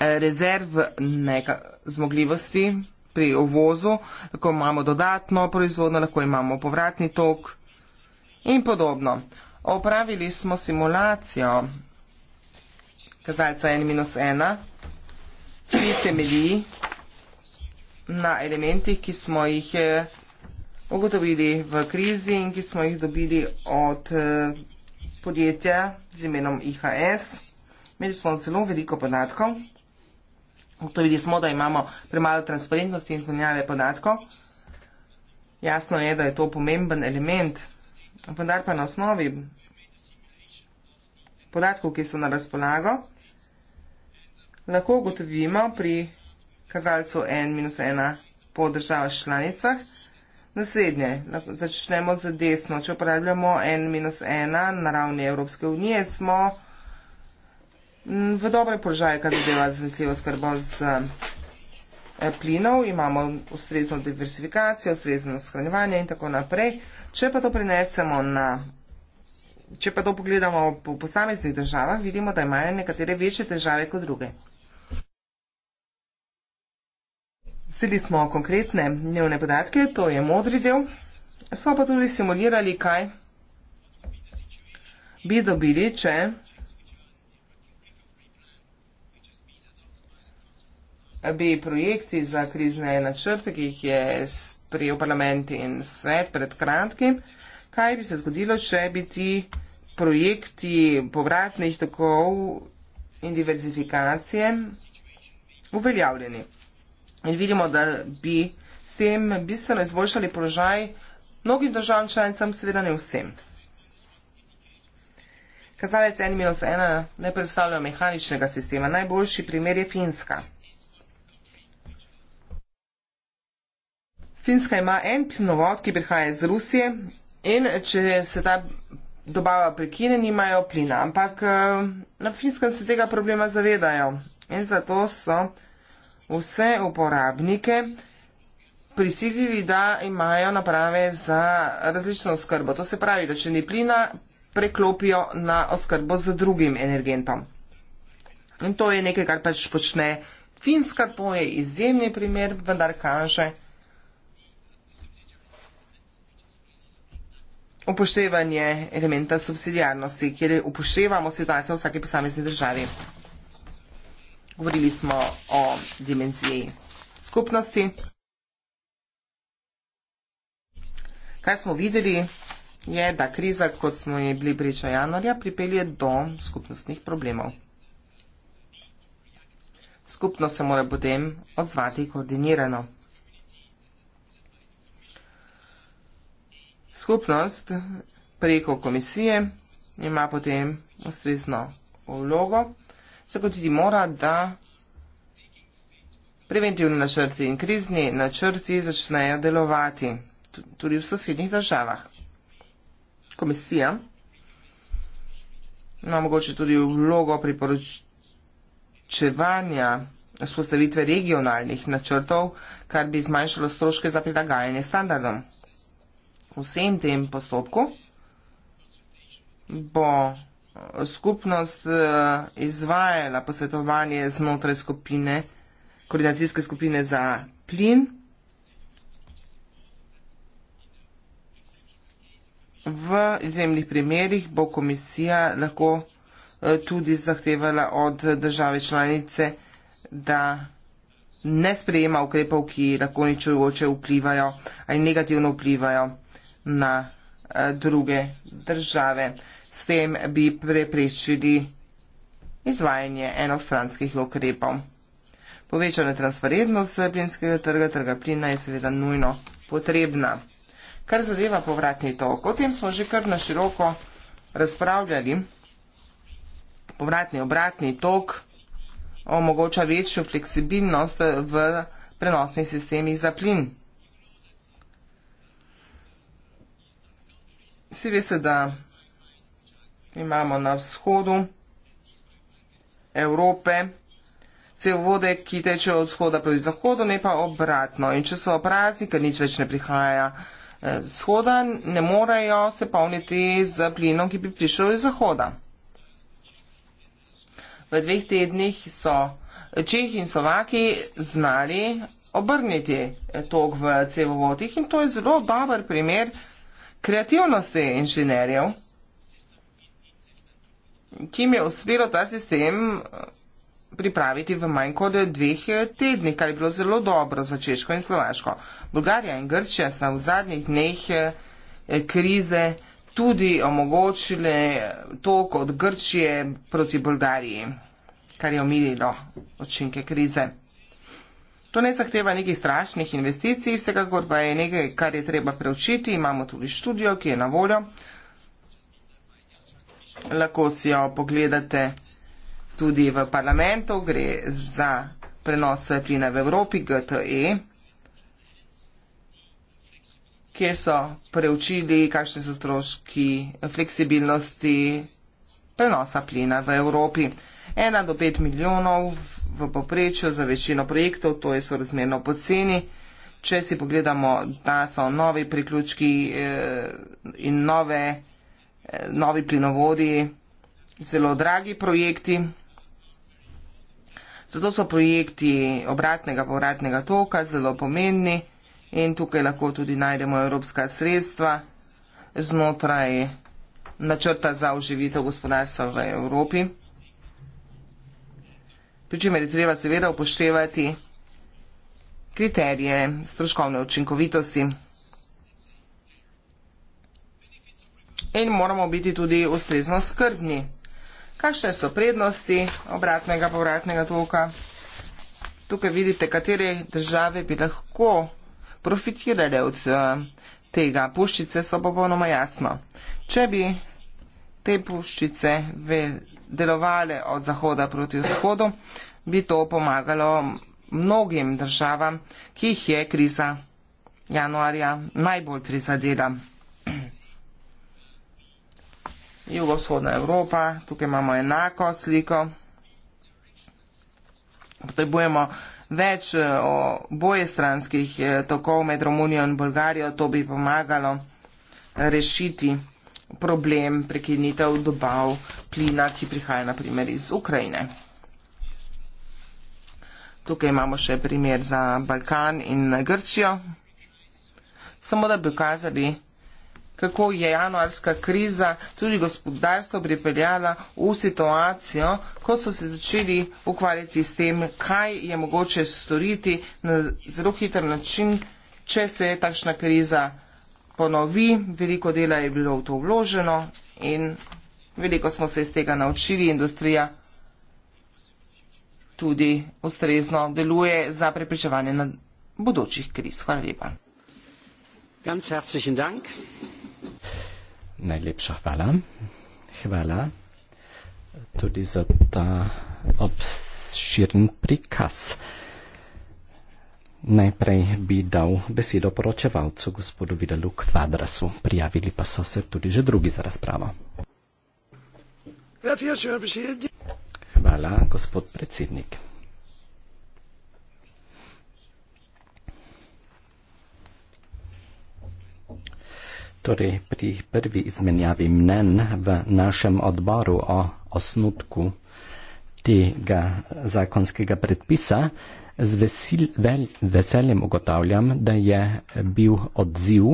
eh, rezerv neka zmogljivosti, pri ovozu, lahko imamo dodatno proizvodno, lahko imamo povratni tok in podobno. Opravili smo simulacijo kazalca 1 minus 1, ki temelji na elementih, ki smo jih eh, ugotovili v krizi in ki smo jih dobili od eh, podjetja z imenom IHS. Imeli smo zelo veliko podatkov. Ugotovili smo, da imamo premalo transparentnosti in izmenjave podatkov. Jasno je, da je to pomemben element, vendar pa na osnovi podatkov, ki so na razpolago, lahko ugotovimo pri kazalcu N-1 po državah članicah. Naslednje, začnemo z desno. Če uporabljamo N-1 na ravni Evropske unije, smo vsega, Mm, v dobre položaje, kar zadeva zanesljivo skrbo z eh, plinov, imamo ustrezno diversifikacijo, ustrezno skranjevanje in tako naprej. Če pa to prinesemo na, če pa to pogledamo po posameznih državah, vidimo, da imajo nekatere večje težave kot druge. Sedi smo konkretne dnevne podatke, to je modri del. Smo pa tudi simulirali, kaj bi dobili, če bi projekti za krizne načrte, ki jih je sprejel parlament in svet pred kratkim, kaj bi se zgodilo, če bi ti projekti povratnih takov in diverzifikacije uveljavljeni. In vidimo, da bi s tem bistveno izboljšali položaj mnogim državam članicam, seveda ne vsem. Kazalec N-1 ne predstavlja mehaničnega sistema. Najboljši primer je Finska. Finska ima en plinovod, ki prihaja iz Rusije in če se ta dobava prekine, nimajo plina. Ampak eh, na Finskem se tega problema zavedajo in zato so vse uporabnike prisilili, da imajo naprave za različno oskrbo. To se pravi, da če ni plina, preklopijo na oskrbo z drugim energentom. In to je nekaj, kar pač počne Finska, to je izjemni primer, vendar kaže, upoštevanje elementa subsidijarnosti, kjer upoštevamo situacijo v vsake posamezni državi. Govorili smo o dimenziji skupnosti. Kaj smo videli je, da kriza, kot smo je bili priča januarja, pripelje do skupnostnih problemov. Skupno se mora potem odzvati koordinirano. skupnost preko komisije ima potem ustrezno vlogo, se potiti mora, da preventivni načrti in krizni načrti začnejo delovati tudi v sosednjih državah. Komisija ima mogoče tudi vlogo priporočevanja vzpostavitve regionalnih načrtov, kar bi zmanjšalo stroške za prilagajanje standardom vsem tem postopku bo skupnost eh, izvajala posvetovanje znotraj skupine, koordinacijske skupine za plin V izjemnih primerih bo komisija lahko eh, tudi zahtevala od države članice, da ne sprejema ukrepov, ki lahko ničujoče vplivajo ali negativno vplivajo na eh, druge države. S tem bi preprečili izvajanje enostranskih ukrepov. Povečana transparentnost plinskega trga, trga plina je seveda nujno potrebna. Kar zadeva povratni tok, o tem smo že kar na široko razpravljali. Povratni obratni tok omogoča večjo fleksibilnost v prenosnih sistemih za plin. Vsi veste, da imamo na vzhodu Evrope cel vode, ki teče od vzhoda proti zahodu, ne pa obratno. In če so prazni, ker nič več ne prihaja eh, z vzhoda, ne morejo se polniti z plinom, ki bi prišel iz zahoda. V dveh tednih so Čeh in Slovaki znali obrniti tok v cevovodih in to je zelo dober primer kreativnosti inženirjev, ki jim je uspelo ta sistem eh, pripraviti v manj kot dveh eh, tednih, kar je bilo zelo dobro za Češko in Slovaško. Bulgarija in Grčija sta v zadnjih dneh eh, krize tudi omogočile tok od Grčije proti Bulgariji, kar je omililo učinke krize. To ne zahteva nekih strašnih investicij, vsekakor pa je nekaj, kar je treba preučiti. Imamo tudi študijo, ki je na voljo. Lahko si jo pogledate tudi v parlamentu, gre za prenos plina v Evropi, GTE, kjer so preučili, kakšni so stroški fleksibilnosti prenosa plina v Evropi ena do pet milijonov v poprečju za večino projektov, to je sorazmerno poceni. Če si pogledamo, da so novi priključki eh, in nove, eh, novi plinovodi zelo dragi projekti, zato so projekti obratnega povratnega toka zelo pomembni in tukaj lahko tudi najdemo evropska sredstva znotraj načrta za oživitev gospodarstva v Evropi pri čemer je treba seveda upoštevati kriterije stroškovne učinkovitosti. In moramo biti tudi ustrezno skrbni. Kakšne so prednosti obratnega povratnega toka? Tukaj vidite, katere države bi lahko profitirale od eh, tega. Puščice so popolnoma jasno. Če bi te puščice delovale od zahoda proti vzhodu, bi to pomagalo mnogim državam, ki jih je kriza januarja najbolj prizadela. Jugovzhodna Evropa, tukaj imamo enako sliko. Potrebujemo več eh, o bojestranskih eh, tokov med Romunijo in Bolgarijo, to bi pomagalo rešiti problem prekinitev dobav plina, ki prihaja naprimer iz Ukrajine. Tukaj imamo še primer za Balkan in Grčijo. Samo da bi ukazali, kako je januarska kriza tudi gospodarstvo pripeljala v situacijo, ko so se začeli ukvarjati s tem, kaj je mogoče storiti na zelo hiter način, če se je takšna kriza ponovi, veliko dela je bilo v to vloženo in veliko smo se iz tega naučili. Industrija tudi ustrezno deluje za preprečevanje bodočih kriz. Hvala lepa. Najlepša hvala. Hvala tudi za ta obširen prikaz. Najprej bi dal besedo poročevalcu gospodu Videlu Kvadrasu. Prijavili pa so se tudi že drugi za razpravo. Hvala, gospod predsednik. Torej, pri prvi izmenjavi mnen v našem odboru o osnutku tega zakonskega predpisa Z vesel, veseljem ugotavljam, da je bil odziv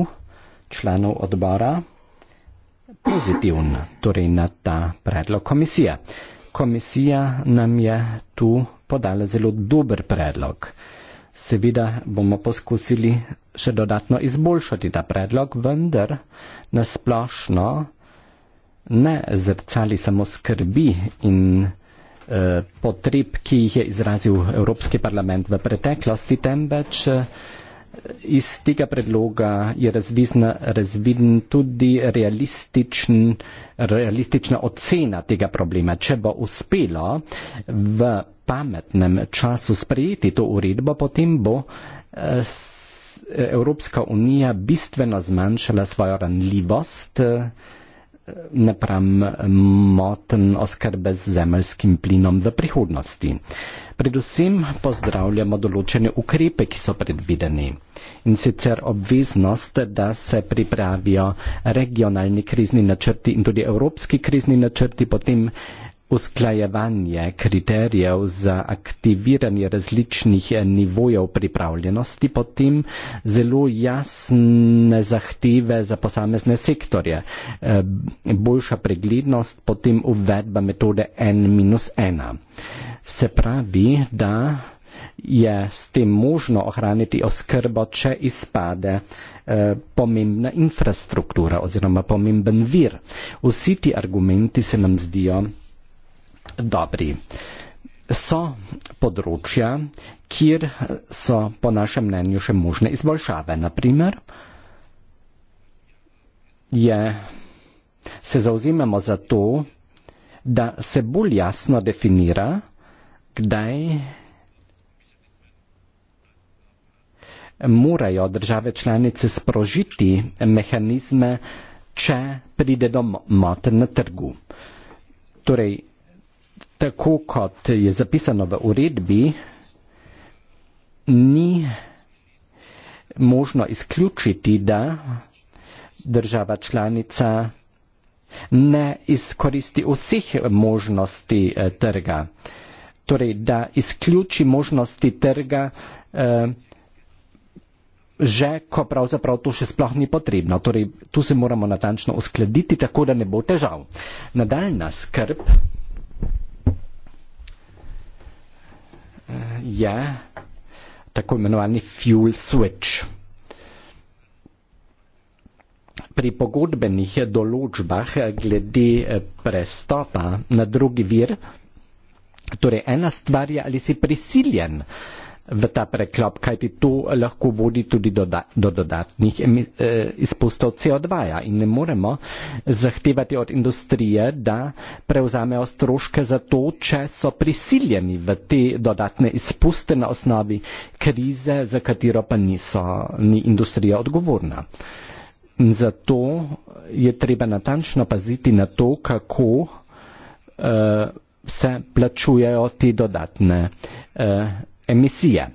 članov odbora pozitiven, torej na ta predlog komisije. Komisija nam je tu podala zelo dober predlog. Seveda bomo poskusili še dodatno izboljšati ta predlog, vendar nasplošno ne zrcali samo skrbi in Eh, potreb, ki jih je izrazil Evropski parlament v preteklosti, temveč eh, iz tega predloga je razvizna, razviden tudi realističen, realistična ocena tega problema. Če bo uspelo v pametnem času sprejeti to uredbo, potem bo eh, Evropska unija bistveno zmanjšala svojo ranljivost napram moten oskrbe z zemljskim plinom v prihodnosti. Predvsem pozdravljamo določene ukrepe, ki so predvideni in sicer obveznost, da se pripravijo regionalni krizni načrti in tudi evropski krizni načrti, potem usklajevanje kriterijev za aktiviranje različnih nivojev pripravljenosti, potem zelo jasne zahteve za posamezne sektorje, eh, boljša preglednost, potem uvedba metode N-1. Se pravi, da je s tem možno ohraniti oskrbo, če izpade eh, pomembna infrastruktura oziroma pomemben vir. Vsi ti argumenti se nam zdijo dobri. So področja, kjer so po našem mnenju še možne izboljšave. Naprimer, je, se zauzimamo za to, da se bolj jasno definira, kdaj morajo države članice sprožiti mehanizme, če pride do motenj na trgu. Torej, tako kot je zapisano v uredbi, ni možno izključiti, da država članica ne izkoristi vseh možnosti eh, trga. Torej, da izključi možnosti trga eh, že, ko pravzaprav to še sploh ni potrebno. Torej, tu se moramo natančno uskladiti, tako da ne bo težav. Nadaljna skrb Eh, je tako imenovani fuel switch. Pri pogodbenih določbah glede eh, prestopa na drugi vir, torej ena stvar je, ali si prisiljen uh, v ta preklop, kajti to lahko vodi tudi do, do dodatnih eh, izpustov CO2. -ja. In ne moremo zahtevati od industrije, da prevzamejo stroške za to, če so prisiljeni v te dodatne izpuste na osnovi krize, za katero pa niso, ni industrija odgovorna. In zato je treba natančno paziti na to, kako uh, se plačujejo te dodatne. Uh, emisije.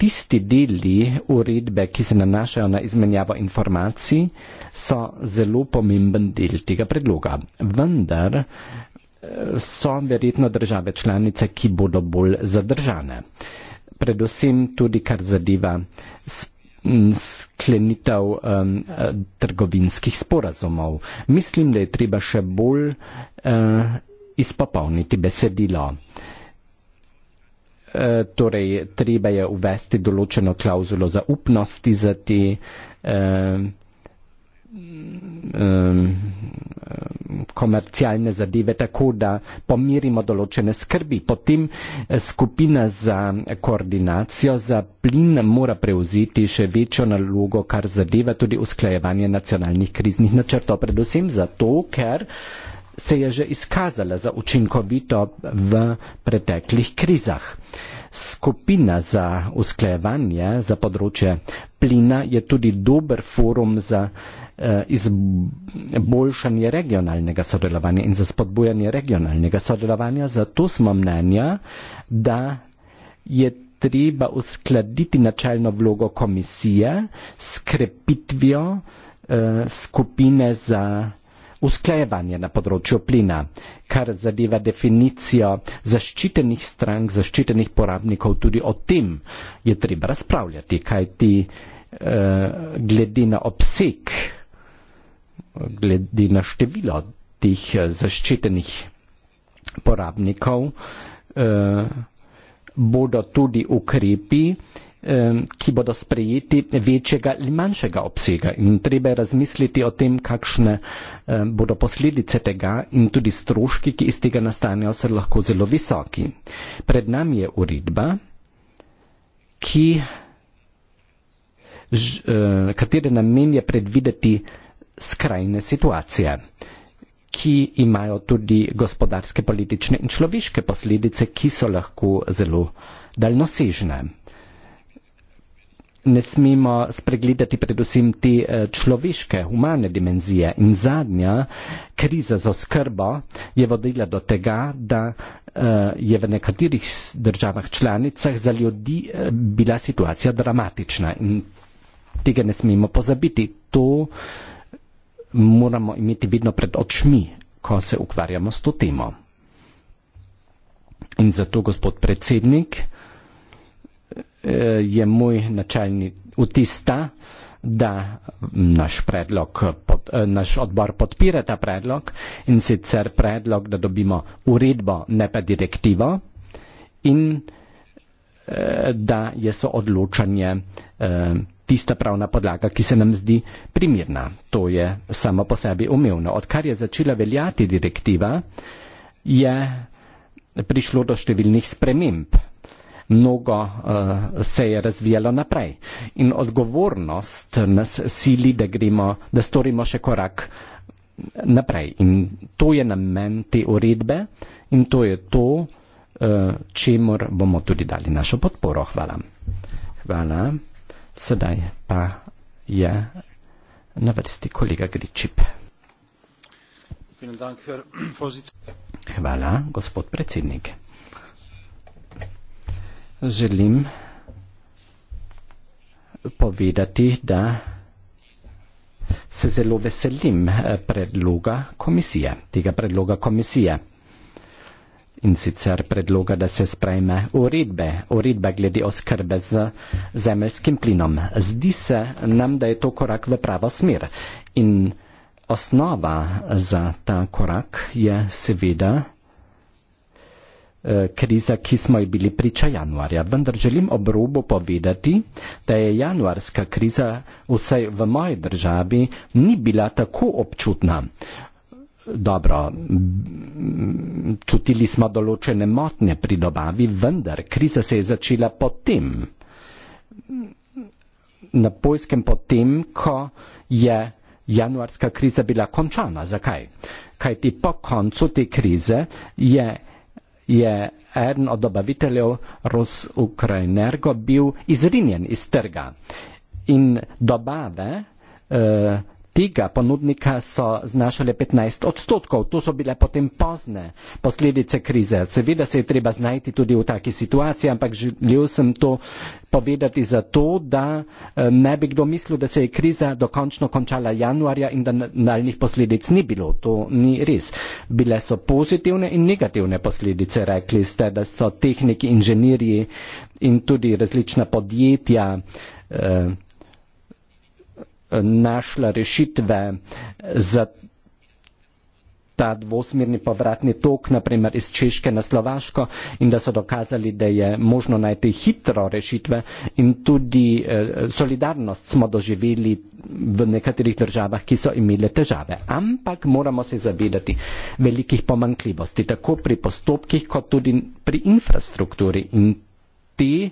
Tisti deli uredbe, ki se nanašajo na izmenjavo informacij, so zelo pomemben del tega predloga. Vendar eh, so verjetno države članice, ki bodo bolj zadržane. Predvsem tudi, kar zadeva sklenitev um, trgovinskih sporazumov. Mislim, da je treba še bolj uh, izpopolniti besedilo. Uh, E, torej treba je uvesti določeno klauzulo zaupnosti za te e, komercialne zadeve, tako da pomirimo določene skrbi. Potem e, skupina za koordinacijo za plin mora prevzeti še večjo nalogo, kar zadeva tudi usklajevanje nacionalnih kriznih načrtov, predvsem zato, ker uh, se je že izkazala za učinkovito v preteklih krizah. Skupina za usklejevanje za področje plina je tudi dober forum za eh, izboljšanje regionalnega sodelovanja in za spodbujanje regionalnega sodelovanja. Zato smo mnenja, da je treba uskladiti načelno vlogo komisije s krepitvijo eh, skupine za usklajevanje na področju plina, kar zadeva definicijo zaščitenih strank, zaščitenih porabnikov, tudi o tem je treba razpravljati, kaj ti eh, glede na obseg, glede na število tih eh, zaščitenih porabnikov, eh, bodo tudi ukrepi, ki bodo sprejeti večjega ali manjšega obsega. In treba je razmisliti o tem, kakšne bodo posledice tega in tudi stroški, ki iz tega nastanejo, so lahko zelo visoki. Pred nami je uredba, ki, e, katere namen je predvideti skrajne situacije ki imajo tudi gospodarske, politične in človeške posledice, ki so lahko zelo daljnosežne ne smemo spregledati predvsem te eh, človeške, humane dimenzije. In zadnja kriza z oskrbo je vodila do tega, da eh, je v nekaterih državah članicah za ljudi eh, bila situacija dramatična in tega ne smemo pozabiti. To moramo imeti vedno pred očmi, ko se ukvarjamo s to temo. In zato, gospod predsednik, Eh, je moj načelni vtis ta, da naš, predlog, pod, eh, naš odbor podpira ta predlog in sicer predlog, da dobimo uredbo, ne pa direktivo in eh, da je so odločanje tista pravna podlaga, ki se nam zdi primirna. To je samo po sebi umevno. Odkar je začela veljati direktiva, je prišlo do številnih sprememb mnogo uh, se je razvijalo naprej. In odgovornost nas sili, da, gremo, da storimo še korak naprej. In to je namen te uredbe in to je to, uh, eh, čemor bomo tudi dali našo podporo. Hvala. Hvala. Sedaj pa je na vrsti kolega Gričip. Hvala, gospod predsednik želim povedati, da se zelo veselim eh, predloga komisije, tega predloga komisije. In sicer predloga, da se sprejme uredbe, uredbe glede oskrbe z zemeljskim plinom. Zdi se nam, da je to korak v pravo smer. In osnova za ta korak je seveda. Eh, krize, ki smo ji bili priča januarja. Vendar želim obrobo povedati, da je januarska kriza, vsaj v moji državi, ni bila tako občutna. Dobro, čutili smo določene motnje pri dobavi, vendar kriza se je začela potem, na poljskem potem, ko je januarska kriza bila končana. Zakaj? Kajti po koncu te krize je je eden od dobaviteljev Rusukrajnergo bil izrinjen iz trga in dobave eh, tega ponudnika so znašale 15 odstotkov. To so bile potem pozne posledice krize. Seveda se je treba znajti tudi v taki situaciji, ampak želel sem to povedati zato, da eh, ne bi kdo mislil, da se je kriza dokončno končala januarja in da naljnih posledic ni bilo. To ni res. Bile so pozitivne in negativne posledice, rekli ste, da so tehniki, inženirji in tudi različna podjetja. Eh, našla rešitve za ta dvosmerni povratni tok, naprimer iz Češke na Slovaško in da so dokazali, da je možno najti hitro rešitve in tudi eh, solidarnost smo doživeli v nekaterih državah, ki so imele težave. Ampak moramo se zavedati velikih pomankljivosti, tako pri postopkih, kot tudi pri infrastrukturi in te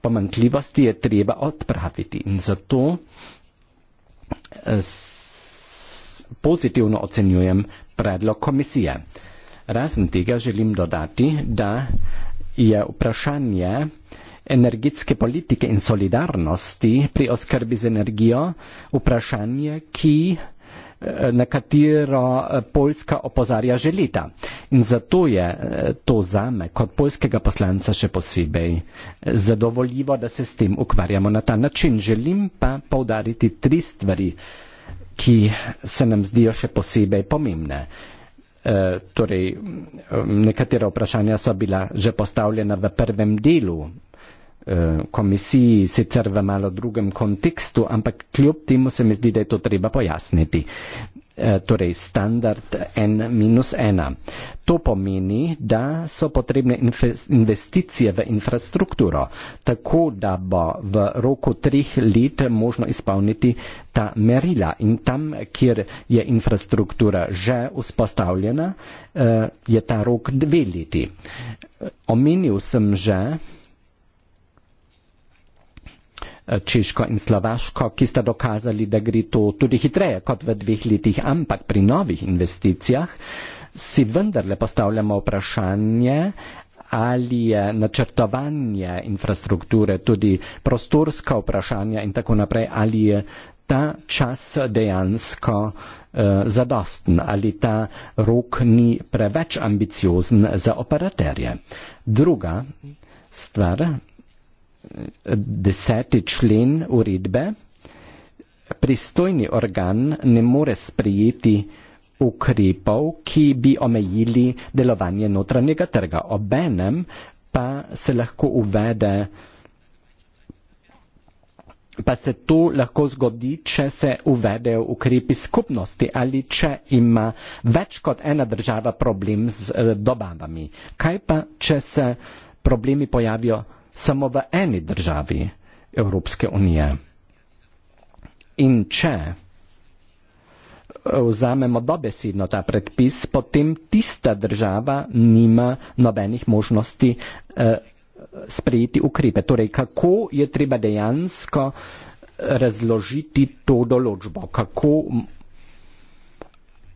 pomankljivosti je treba odpraviti in zato pozitivno ocenjujem predlog komisije. Razen tega želim dodati, da je vprašanje energetske politike in solidarnosti pri oskrbi z energijo vprašanje, ki Eh, na katero eh, Poljska opozarja že leta. In zato je eh, to za me kot poljskega poslanca še posebej zadovoljivo, da se s tem ukvarjamo na ta način. Želim pa povdariti tri stvari, ki se nam zdijo še posebej pomembne. E, torej, nekatera vprašanja so bila že postavljena v prvem delu Eh, komisiji, sicer v malo drugem kontekstu, ampak kljub temu se mi zdi, da je to treba pojasniti. Eh, torej, standard N minus ena. To pomeni, da so potrebne investicije v infrastrukturo, tako da bo v roku treh let možno izpolniti ta merila in tam, kjer je infrastruktura že vzpostavljena, eh, je ta rok dve leti. Omenil sem že, Eh, češko in slovaško, ki sta dokazali, da gre to tudi hitreje kot v dveh letih, ampak pri novih investicijah si vendarle postavljamo vprašanje, ali je načrtovanje infrastrukture, tudi prostorska vprašanja in tako naprej, ali je ta čas dejansko uh, zadosten, ali ta rok ni preveč ambiciozen za operaterje. Druga stvar, deseti člen uredbe, pristojni organ ne more sprejeti ukrepov, ki bi omejili delovanje notranjega trga. Obenem pa se lahko uvede, pa se to lahko zgodi, če se uvedejo ukrepi skupnosti ali če ima več kot ena država problem z eh, dobavami. Kaj pa, če se problemi pojavijo samo v eni državi Evropske unije. In če eh, vzamemo dobesedno ta predpis, potem tista država nima nobenih možnosti eh, sprejeti ukrepe. Torej, kako je treba dejansko eh, razložiti to določbo? Kako,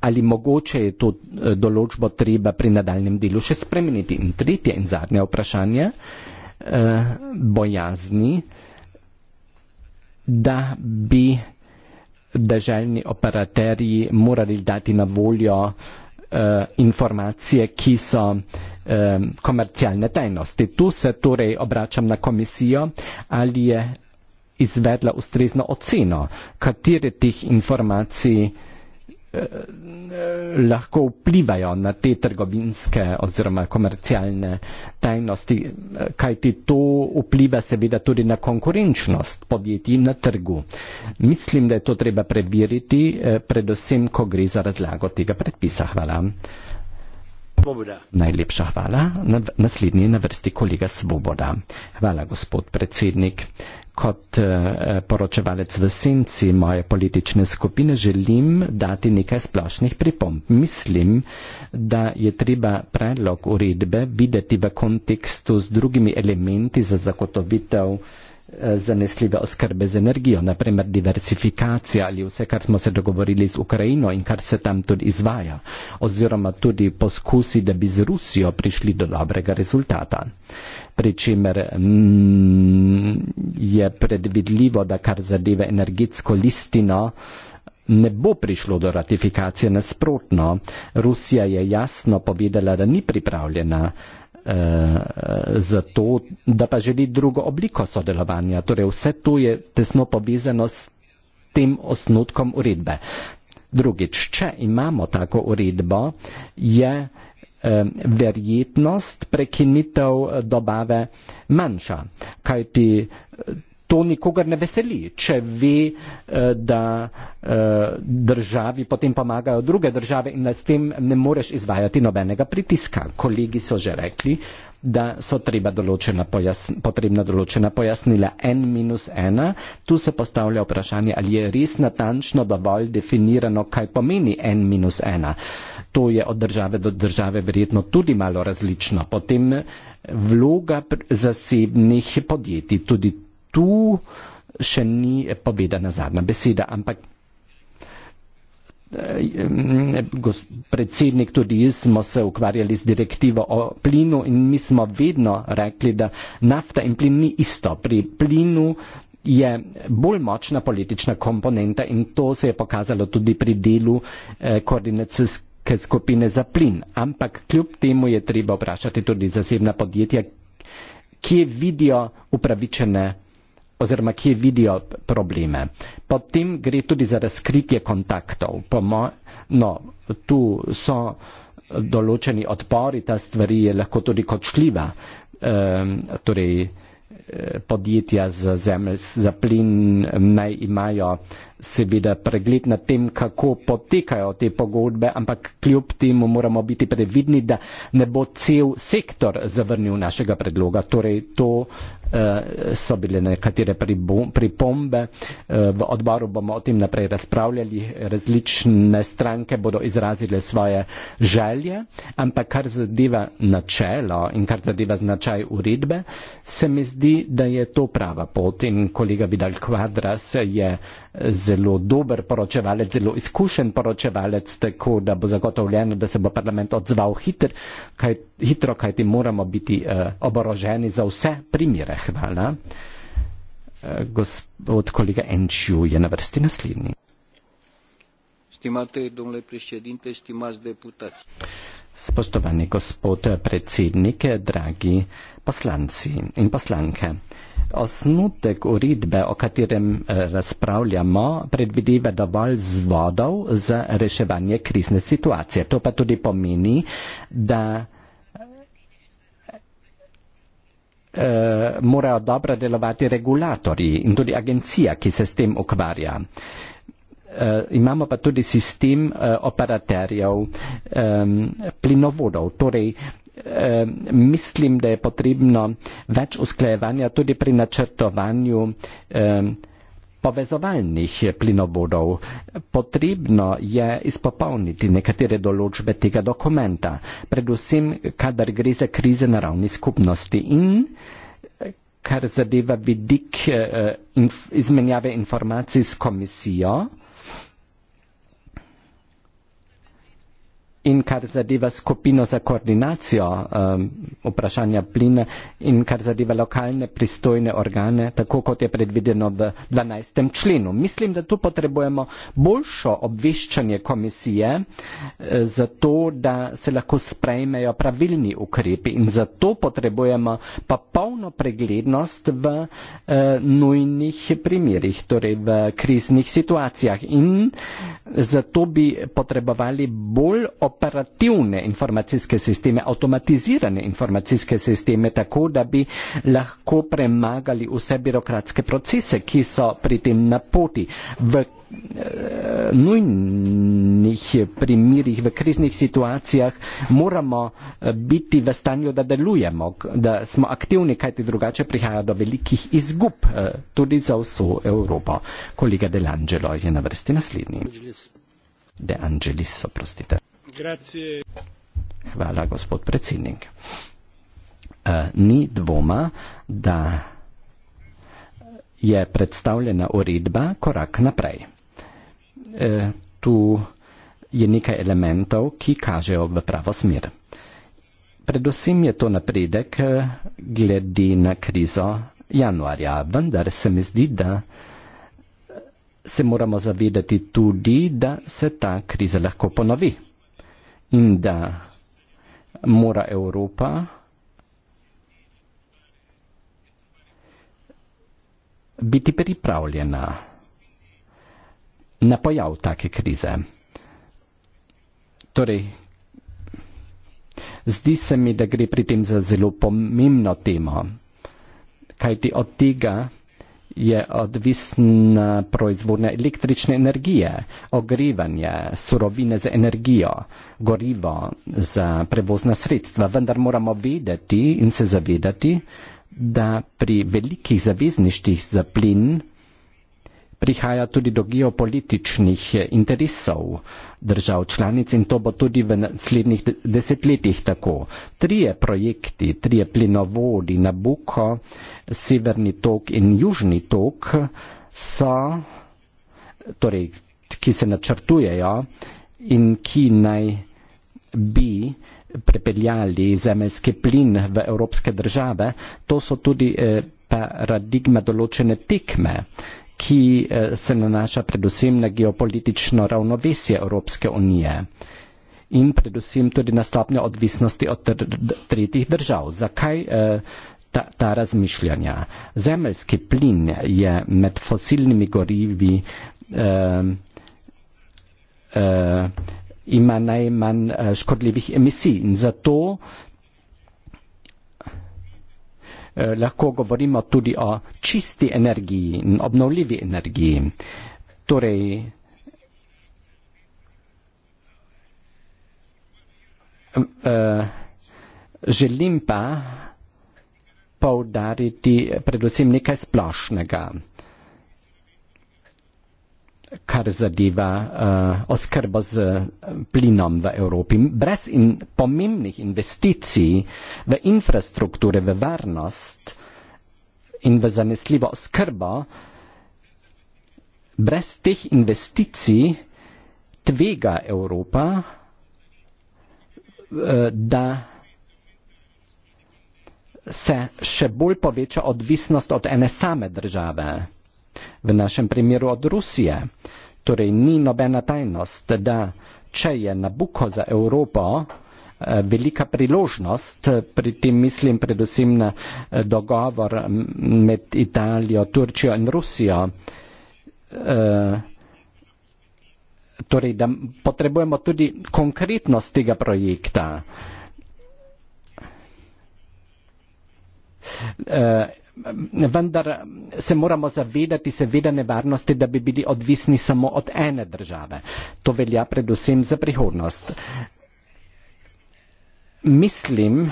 ali mogoče je to eh, določbo treba pri nadaljem delu še spremeniti? In tretje in zadnje vprašanje. Eh, Eh, bojazni, da bi državni operaterji morali dati na voljo eh, informacije, ki so eh, komercialne tajnosti. Tu se torej obračam na komisijo, ali je izvedla ustrezno oceno, katere tih informacij lahko vplivajo na te trgovinske oziroma komercialne tajnosti, kajti to vpliva seveda tudi na konkurenčnost podjetij na trgu. Mislim, da je to treba prebiriti, eh, predvsem, ko gre za razlago tega predpisa. Hvala. Svoboda. Najlepša hvala. Naslednji je na vrsti kolega Svoboda. Hvala, gospod predsednik kot eh, poročevalec v senci moje politične skupine želim dati nekaj splošnih pripomb. Mislim, da je treba predlog uredbe videti v kontekstu z drugimi elementi za zagotovitev zanesljive oskrbe z energijo, naprimer diversifikacija ali vse, kar smo se dogovorili z Ukrajino in kar se tam tudi izvaja, oziroma tudi poskusi, da bi z Rusijo prišli do dobrega rezultata. Pričimer mm, je predvidljivo, da kar zadeve energetsko listino ne bo prišlo do ratifikacije nasprotno. Rusija je jasno povedala, da ni pripravljena eh, zato, da pa želi drugo obliko sodelovanja. Torej, vse to je tesno povezano s tem osnutkom uredbe. Drugič, če imamo tako uredbo, je eh, verjetnost prekinitev eh, dobave manjša, kajti. Eh, to nikogar ne veseli, če ve, eh, da eh, državi potem pomagajo druge države in da s tem ne moreš izvajati nobenega pritiska. Kolegi so že rekli, da so treba določena pojasn, potrebna določena pojasnila n minus ena. Tu se postavlja vprašanje, ali je res natančno dovolj definirano, kaj pomeni n minus ena. To je od države do države verjetno tudi malo različno. Potem vloga zasebnih podjetij, tudi tu še ni povedana zadnja beseda, ampak eh, predsednik tudi jaz smo se ukvarjali z direktivo o plinu in mi smo vedno rekli, da nafta in plin ni isto. Pri plinu je bolj močna politična komponenta in to se je pokazalo tudi pri delu eh, koordinacijske skupine za plin. Ampak kljub temu je treba vprašati tudi zasebna podjetja, kje vidijo upravičene oziroma kje vidijo probleme. Potem gre tudi za razkritje kontaktov. Pomo no, tu so določeni odpori, ta stvar je lahko tudi kočljiva. E, ehm, torej, eh, podjetja za zemlj, za plin naj imajo seveda pregled nad tem, kako potekajo te pogodbe, ampak kljub temu moramo biti previdni, da ne bo cel sektor zavrnil našega predloga. Torej, to uh, so bile nekatere pripombe. Uh, v odboru bomo o tem naprej razpravljali. Različne stranke bodo izrazile svoje želje, ampak kar zadeva načelo in kar zadeva značaj uredbe, se mi zdi, da je to prava pot. In kolega Vidal Kvadras je uh, zelo dober poročevalec, zelo izkušen poročevalec, tako da bo zagotovljeno, da se bo parlament odzval hitr, kaj, hitro, kajti moramo biti uh, oboroženi za vse primere. Hvala. Uh, gospod kolega Enčiu je na vrsti naslednji. Spoštovani gospod predsednik, dragi poslanci in poslanke. Osnutek uredbe, o katerem eh, razpravljamo, predvideva dovolj zvodov za reševanje krizne situacije. To pa tudi pomeni, da eh, morajo dobro delovati regulatorji in tudi agencija, ki se s tem ukvarja. Uh, imamo pa tudi sistem uh, operaterjev um, plinovodov, torej uh, Eh, mislim, da je potrebno več usklajevanja tudi pri načrtovanju eh, povezovalnih plinovodov. Potrebno je izpopolniti nekatere določbe tega dokumenta, predvsem, kadar gre za krize na ravni skupnosti in eh, kar zadeva vidik izmenjave informacij s komisijo. in kar zadeva skupino za koordinacijo um, vprašanja plina in kar zadeva lokalne pristojne organe, tako kot je predvideno v 12. členu. Mislim, da tu potrebujemo boljšo obveščanje komisije, e, zato da se lahko sprejmejo pravilni ukrepi in zato potrebujemo pa polno preglednost v e, nujnih primerjih, torej v kriznih situacijah in zato bi potrebovali bolj obveščanje operativne informacijske sisteme, avtomatizirane informacijske sisteme, tako da bi lahko premagali vse birokratske procese, ki so pri tem na poti. V eh, nujnih primirih, v kriznih situacijah moramo eh, biti v stanju, da delujemo, da smo aktivni, kajti drugače prihaja do velikih izgub eh, tudi za vso Evropo. Kolega Delangelo je na vrsti naslednji. De Angelis, oprostite. So Grazie. Hvala, gospod predsednik. Uh, ni dvoma, da je predstavljena uredba korak naprej. Uh, tu je nekaj elementov, ki kažejo v pravo smer. Predvsem je to napredek eh, glede na krizo januarja, vendar se mi zdi, da se moramo zavedati tudi, da se ta kriza lahko ponovi in da mora Evropa biti pripravljena na pojav take krize. Torej, zdi se mi, da gre pri tem za zelo pomembno temo, kajti od tega, je odvisna proizvodnja električne energije, ogrivanje, surovine za energijo, gorivo za prevozna sredstva, vendar moramo vedeti in se zavedati, da pri velikih zavezništih za plin prihaja tudi do geopolitičnih interesov držav članic in to bo tudi v naslednjih desetletjih tako. Trije projekti, trije plinovodi na Buko, Severni tok in Južni tok so, torej, ki se načrtujejo in ki naj bi prepeljali zemeljski plin v evropske države, to so tudi eh, paradigma določene tekme ki eh, se nanaša predvsem na geopolitično ravnovesje Evropske unije in predvsem tudi na stopnjo odvisnosti od tr tretjih držav. Zakaj eh, ta, ta razmišljanja? Zemeljski plin je med fosilnimi gorivi eh, eh, ima najmanj eh, škodljivih emisij in zato Eh, lahko govorimo tudi o čisti energiji in obnovljivi energiji. Torej, uh, želim pa poudariti predvsem nekaj splošnega kar zadeva uh, oskrbo z eh, plinom v Evropi. Brez in pomembnih investicij v infrastrukture, v varnost in v zanesljivo oskrbo, brez teh investicij tvega Evropa, uh, da se še bolj poveča odvisnost od ene same države v našem primeru od Rusije. Torej ni nobena tajnost, da če je Nabuko za Evropo eh, velika priložnost, pri tem mislim predvsem na eh, dogovor med Italijo, Turčijo in Rusijo, eh, torej da potrebujemo tudi konkretnost tega projekta vendar se moramo zavedati seveda nevarnosti, da bi bili odvisni samo od ene države. To velja predvsem za prihodnost. Mislim,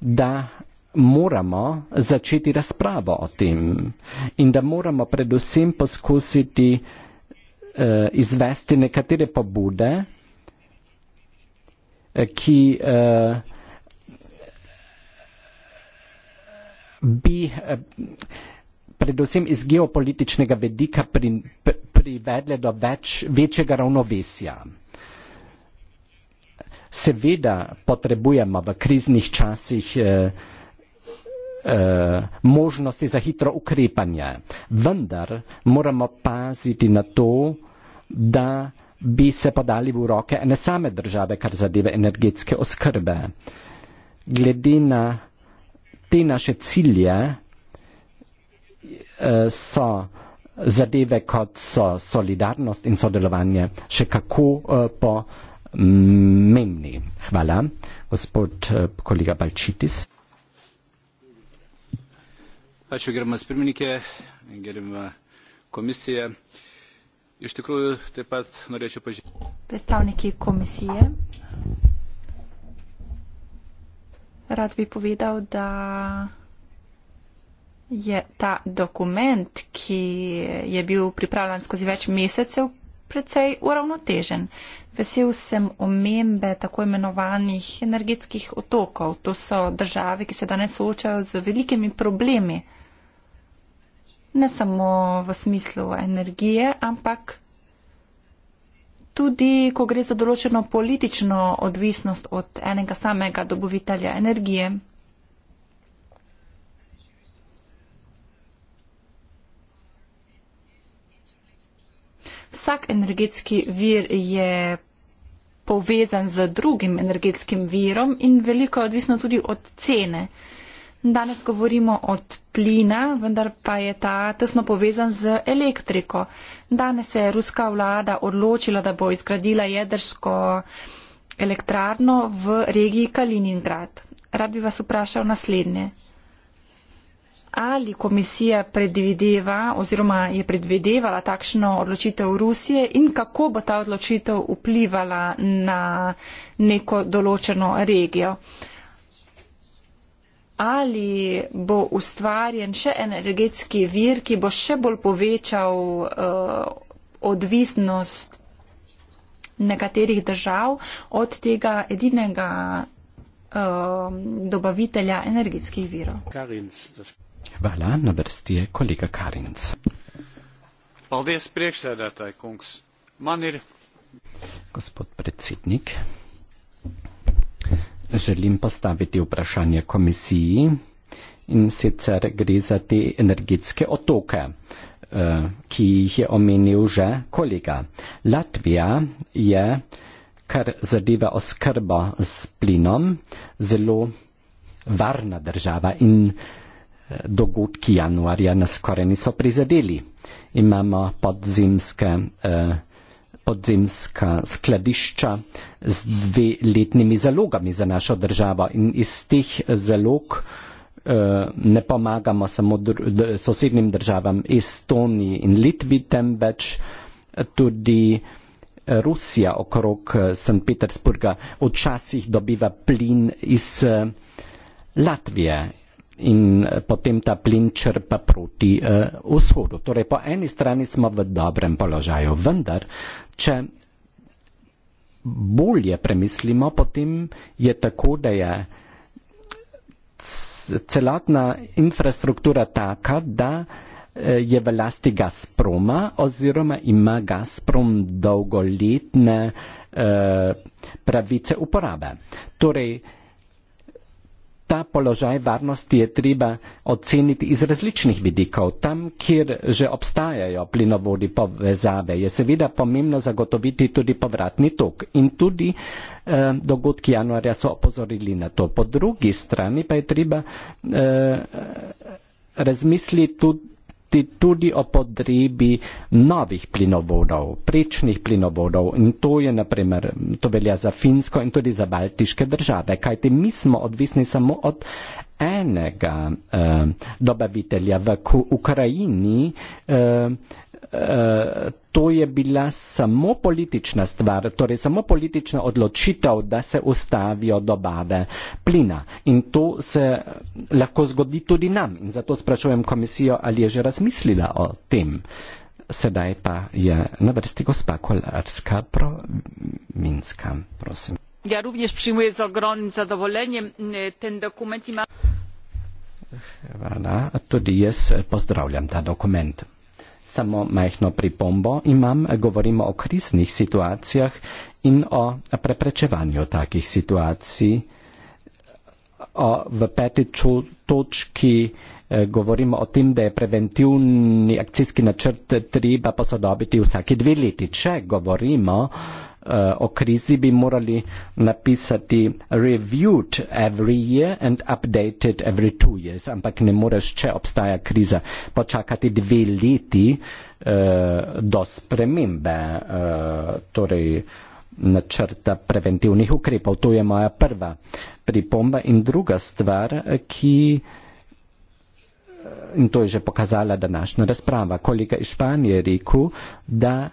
da moramo začeti razpravo o tem in da moramo predvsem poskusiti uh, izvesti nekatere pobude, eh, ki uh, bi eh, predvsem iz geopolitičnega vedika pri, privedle do več, večjega ravnovesja. Seveda potrebujemo v kriznih časih eh, eh, možnosti za hitro ukrepanje, vendar moramo paziti na to, da bi se podali v roke ene same države, kar zadeve energetske oskrbe. Glede na te naše cilje eh, so zadeve, kot so solidarnost in sodelovanje, še kako eh, pomembni. Hvala, gospod eh, kolega Balčitis. Ačiū gerbiamas pirmininkė, gerbiama komisija. Iš tikrųjų, taip pat norėčiau pažiūrėti. Pristavnikiai komisija. Rad bi povedal, da je ta dokument, ki je bil pripravljen skozi več mesecev, precej uravnotežen. Vesel sem omembe tako imenovanih energetskih otokov. To so države, ki se danes soočajo z velikimi problemi. Ne samo v smislu energije, ampak tudi ko gre za določeno politično odvisnost od enega samega dobovitelja energije. Vsak energetski vir je povezan z drugim energetskim virom in veliko je odvisno tudi od cene. Uh, Danes govorimo od plina, vendar pa je ta tesno povezan z elektriko. Danes se je ruska vlada odločila, da bo izgradila jedrsko elektrarno v regiji Kaliningrad. Rad bi vas vprašal naslednje. Ali komisija predvideva oziroma je predvidevala takšno odločitev Rusije in kako bo ta odločitev vplivala na neko določeno regijo? Uh, ali bo ustvarjen še energetski vir, ki bo še bolj povečal uh, odvisnost nekaterih držav od tega edinega uh, dobavitelja energetskih virov. Hvala, na vrsti je kolega Karinc. Gospod predsednik želim postaviti vprašanje komisiji in sicer gre za te energetske otoke, eh, ki jih je omenil že kolega. Latvija je, kar zadeva oskrbo s plinom, zelo varna država in eh, dogodki januarja nas skoraj niso prizadeli. Imamo podzimske. Eh, podzemska skladišča z dve letnimi zalogami za našo državo in iz teh zalog eh, ne pomagamo samo dr sosednjim državam Estoniji in Litvi, temveč tudi Rusija okrog eh, St. Petersburga včasih dobiva plin iz eh, Latvije in eh, potem ta plin črpa proti uh, vzhodu. Torej, po eni strani smo v dobrem položaju, vendar, če bolje premislimo, potem je tako, da je celotna infrastruktura taka, da eh, je v lasti Gazproma oziroma ima Gazprom dolgoletne uh, pravice uporabe. Torej, ta položaj varnosti je treba oceniti iz različnih vidikov. Tam, kjer že obstajajo plinovodi povezave, je seveda pomembno zagotoviti tudi povratni tok. In tudi eh, dogodki januarja so opozorili na to. Po drugi strani pa je treba eh, razmisliti tudi govoriti tudi o potrebi novih plinovodov, prečnih plinovodov in to je na primer, to velja za Finsko in tudi za Baltiške države, kajti mi smo odvisni samo od enega eh, dobavitelja v Ukrajini. Eh, to je bila samo politična stvar, torej samo politična odločitev, da se ustavijo dobave plina. In to se lahko zgodi tudi nam. In zato sprašujem komisijo, ali je že razmislila o tem. Sedaj pa je na vrsti gospa Kolarska Provinska. Prosim. Ja, również przyjmuję z ogromnym zadowoleniem e, ten dokument i ma... Hvala, tudi jaz pozdravljam ta dokument samo majhno pripombo imam, govorimo o kriznih situacijah in o preprečevanju takih situacij. O, v peti ču, točki e, govorimo o tem, da je preventivni akcijski načrt treba posodobiti vsake dve leti. Če govorimo uh, o krizi bi morali napisati reviewed every year and updated every two years, ampak ne moreš, če obstaja kriza, počakati dve leti uh, do spremembe uh, torej načrta preventivnih ukrepov. To je moja prva pripomba. In druga stvar, ki. In to je že pokazala današnja razprava. Kolega iz Španije je rekel, da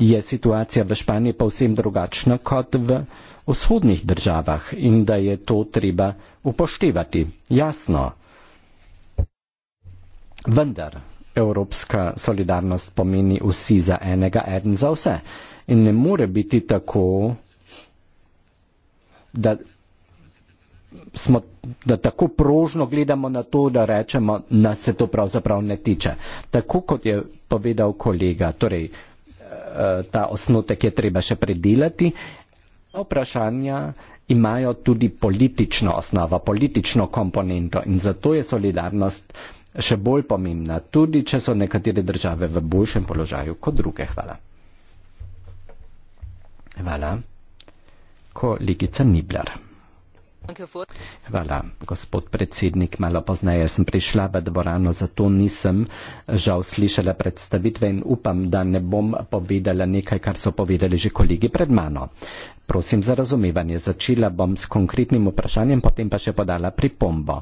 je situacija v Španiji povsem drugačna kot v vzhodnih državah in da je to treba upoštevati. Jasno. Vendar evropska solidarnost pomeni vsi za enega, eden za vse. In ne more biti tako, da, smo, da tako prožno gledamo na to, da rečemo, da se to pravzaprav ne tiče. Tako kot je povedal kolega, torej Eh, ta osnutek je treba še predelati. Vprašanja imajo tudi politično osnovo, politično komponento in zato je solidarnost še bolj pomembna, tudi če so nekatere države v boljšem položaju kot druge. Hvala. Hvala. Kolegica Niblar. Hvala, gospod predsednik. Malo poznaje sem prišla v dvorano, zato nisem žal slišala predstavitve in upam, da ne bom povedala nekaj, kar so povedali že kolegi pred mano. Prosim za razumevanje. Začela bom s konkretnim vprašanjem, potem pa še podala pripombo.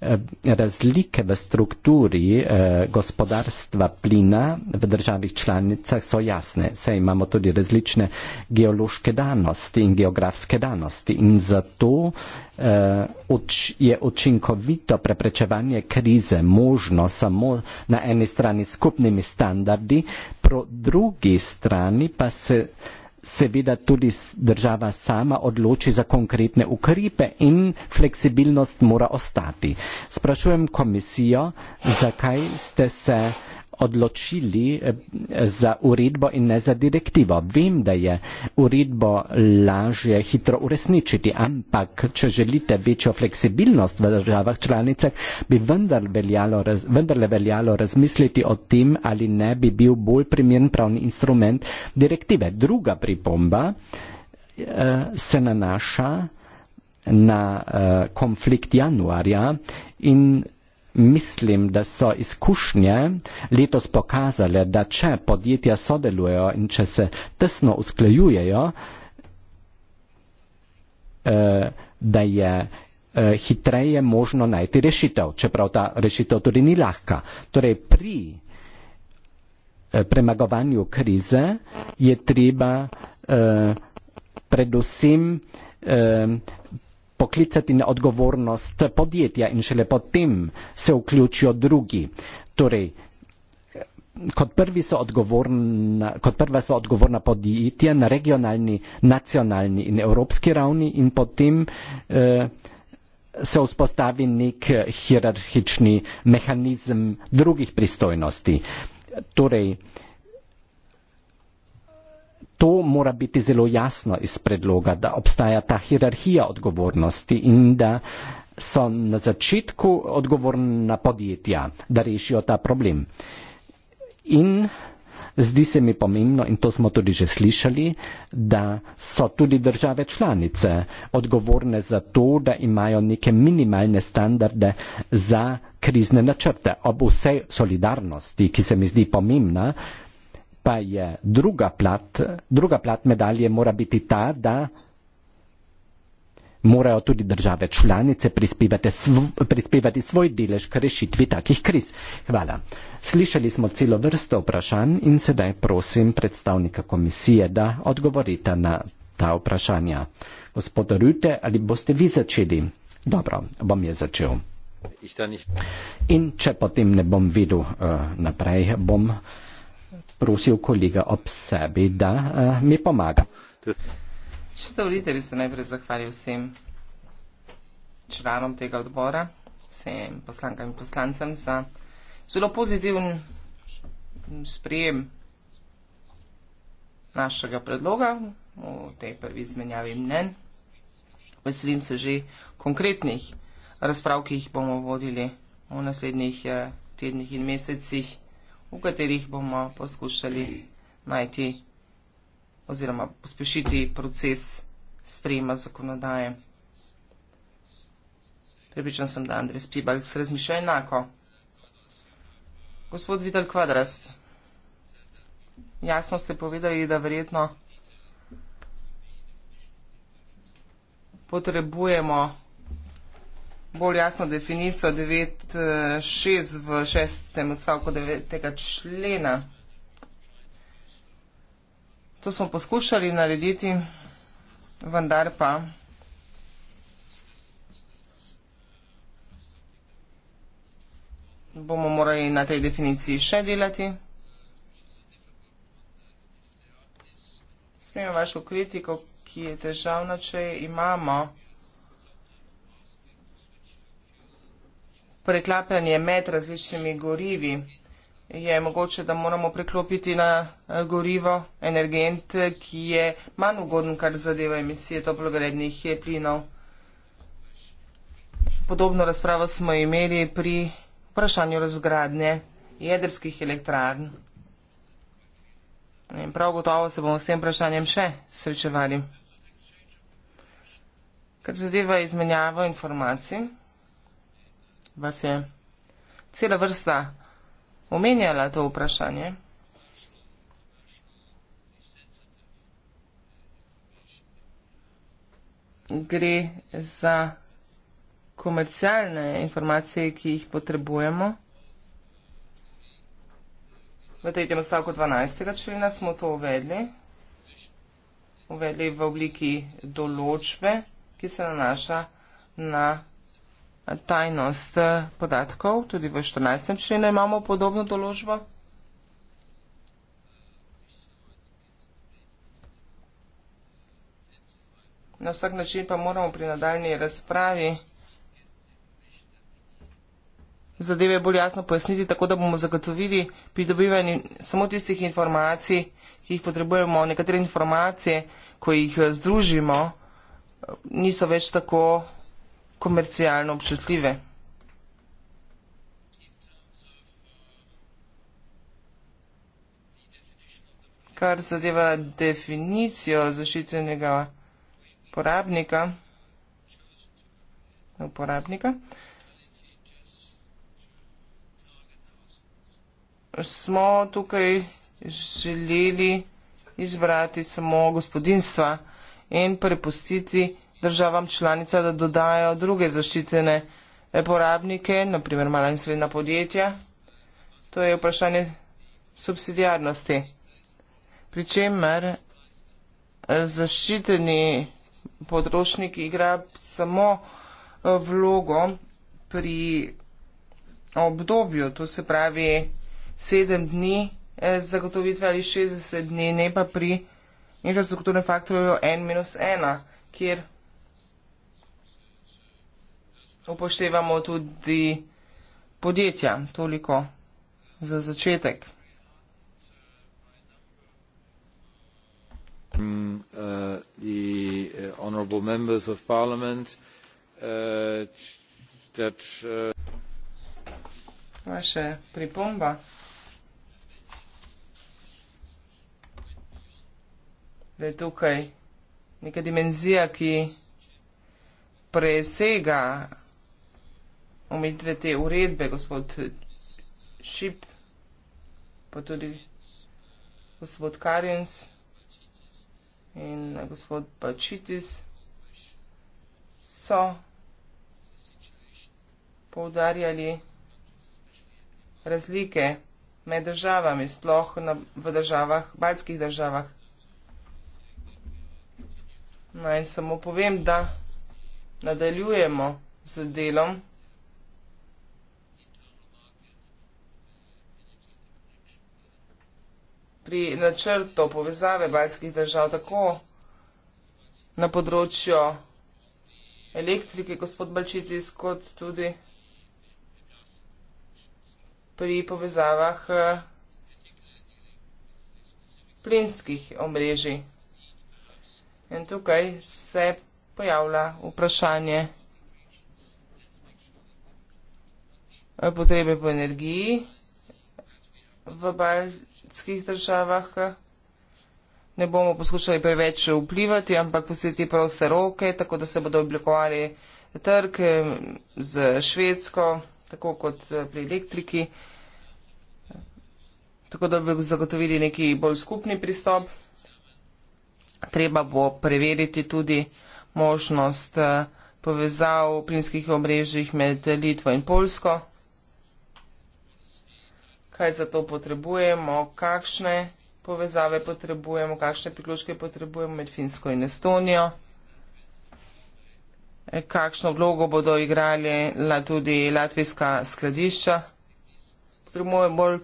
Eh, razlike v strukturi eh, gospodarstva plina v državih članicah so jasne. Saj imamo tudi različne geološke danosti in geografske danosti. In zato eh, je učinkovito preprečevanje krize možno samo na eni strani skupnimi standardi, po drugi strani pa se seveda tudi država sama odloči za konkretne ukrepe in fleksibilnost mora ostati. Sprašujem komisijo, zakaj ste se odločili eh, za uredbo in ne za direktivo. Vem, da je uredbo lažje hitro uresničiti, ampak če želite večjo fleksibilnost v državah članicah, bi vendar veljalo, raz, vendarle veljalo razmisliti o tem, ali ne bi bil bolj primern pravni instrument direktive. Druga pripomba eh, se nanaša na eh, konflikt januarja in Mislim, da so izkušnje letos pokazale, da če podjetja sodelujejo in če se tesno usklajujejo, eh, da je eh, hitreje možno najti rešitev, čeprav ta rešitev tudi ni lahka. Torej, pri eh, premagovanju krize je treba predvsem poklicati na odgovornost podjetja in šele potem se vključijo drugi. Torej, kot, prvi so kot prva so odgovorna podjetja na regionalni, nacionalni in evropski ravni in potem eh, se vzpostavi nek hierarhični mehanizem drugih pristojnosti. Torej, To mora biti zelo jasno iz predloga, da obstaja ta hierarhija odgovornosti in da so na začetku odgovorna podjetja, da rešijo ta problem. In zdi se mi pomembno, in to smo tudi že slišali, da so tudi države članice odgovorne za to, da imajo neke minimalne standarde za krizne načrte. Ob vsej solidarnosti, ki se mi zdi pomembna, pa je druga plat, druga plat medalje mora biti ta, da morajo tudi države članice prispevati, sv, prispevati svoj delež k rešitvi takih kriz. Hvala. Slišali smo celo vrsto vprašanj in sedaj prosim predstavnika komisije, da odgovorite na ta vprašanja. Gospod Rute, ali boste vi začeli? Dobro, bom jaz začel. In če potem ne bom videl uh, naprej, bom. Uh, prosil kolega ob sebi, da uh, mi pomaga. Če dovolite, bi se najprej zahvalil vsem članom tega odbora, vsem poslankam in poslancem za zelo pozitiven sprejem našega predloga v tej prvi izmenjavi mnen. Veselim se že konkretnih razprav, ki jih bomo vodili v naslednjih eh, tednih in mesecih v katerih bomo poskušali najti oziroma pospešiti proces sprejema zakonodaje. Pripričan sem, da Andres Pibak se razmišlja enako. Gospod Vital Kvadrast, jasno ste povedali, da verjetno potrebujemo bolj jasno definico 9.6 eh, v šestem odstavku 9. člena. To smo poskušali narediti, vendar pa. bomo morali na tej definiciji še delati. Spremem vašo kritiko, ki je težavna, če imamo. preklapljanje med različnimi gorivi, je mogoče, da moramo preklopiti na eh, gorivo energent, eh, ki je manj ugoden, kar zadeva emisije toplogrednih eh, plinov. Podobno razpravo smo imeli pri vprašanju razgradnje jedrskih elektrarn. In prav gotovo se bomo s tem vprašanjem še srečevali. Kar zadeva izmenjavo informacij vas je cela vrsta omenjala to vprašanje. Gre za komercialne informacije, ki jih potrebujemo. V tretjem stavku 12. člena smo to uvedli. Uvedli v obliki določbe, ki se nanaša na tajnost eh, podatkov, tudi v 14. členu imamo podobno doložbo. Na vsak način pa moramo pri nadaljni razpravi zadeve bolj jasno pojasniti, tako da bomo zagotovili pri dobivanju samo tistih informacij, ki jih potrebujemo, nekatere informacije, ko jih eh, združimo, eh, niso več tako komercialno občutljive. Kar zadeva definicijo zaščitenega porabnika, uporabnika, smo tukaj želeli izbrati samo gospodinstva in prepustiti državam članica, da dodajo druge zaščitene eh, porabnike, naprimer mala in srednja podjetja. To je vprašanje subsidijarnosti. Pričemer eh, zaščiteni potrošnik igra samo eh, vlogo pri obdobju, to se pravi sedem dni zagotovitve ali 60 dni, ne pa pri infrastrukturnem faktorju N-1, kjer upoštevamo tudi podjetja. Toliko za začetek. Mm, uh, uh, uh, Vaše pripomba. Da je tukaj neka dimenzija, ki presega omejitve te uredbe, gospod Šip, pa tudi gospod Karjens in gospod Pačitis so poudarjali razlike med državami, sploh na, v državah, baljskih državah. Naj samo povem, da nadaljujemo z delom. pri načrtu povezave baljskih držav tako na področju elektrike, gospod Balčitis, kot tudi pri povezavah eh, plinskih omrežij. In tukaj se pojavlja vprašanje eh, potrebe po energiji v Baljski sosedskih državah. Ne bomo poskušali preveč vplivati, ampak pustiti proste roke, tako da se bodo oblikovali trg z Švedsko, tako kot eh, pri elektriki, tako da bi zagotovili neki bolj skupni pristop. Treba bo preveriti tudi možnost eh, povezav plinskih omrežjih med Litvo in Polsko kaj za to potrebujemo, kakšne povezave potrebujemo, kakšne priključke potrebujemo med Finsko in Estonijo, kakšno vlogo bodo igrali tudi latvijska skladišča. Potrebujemo bolj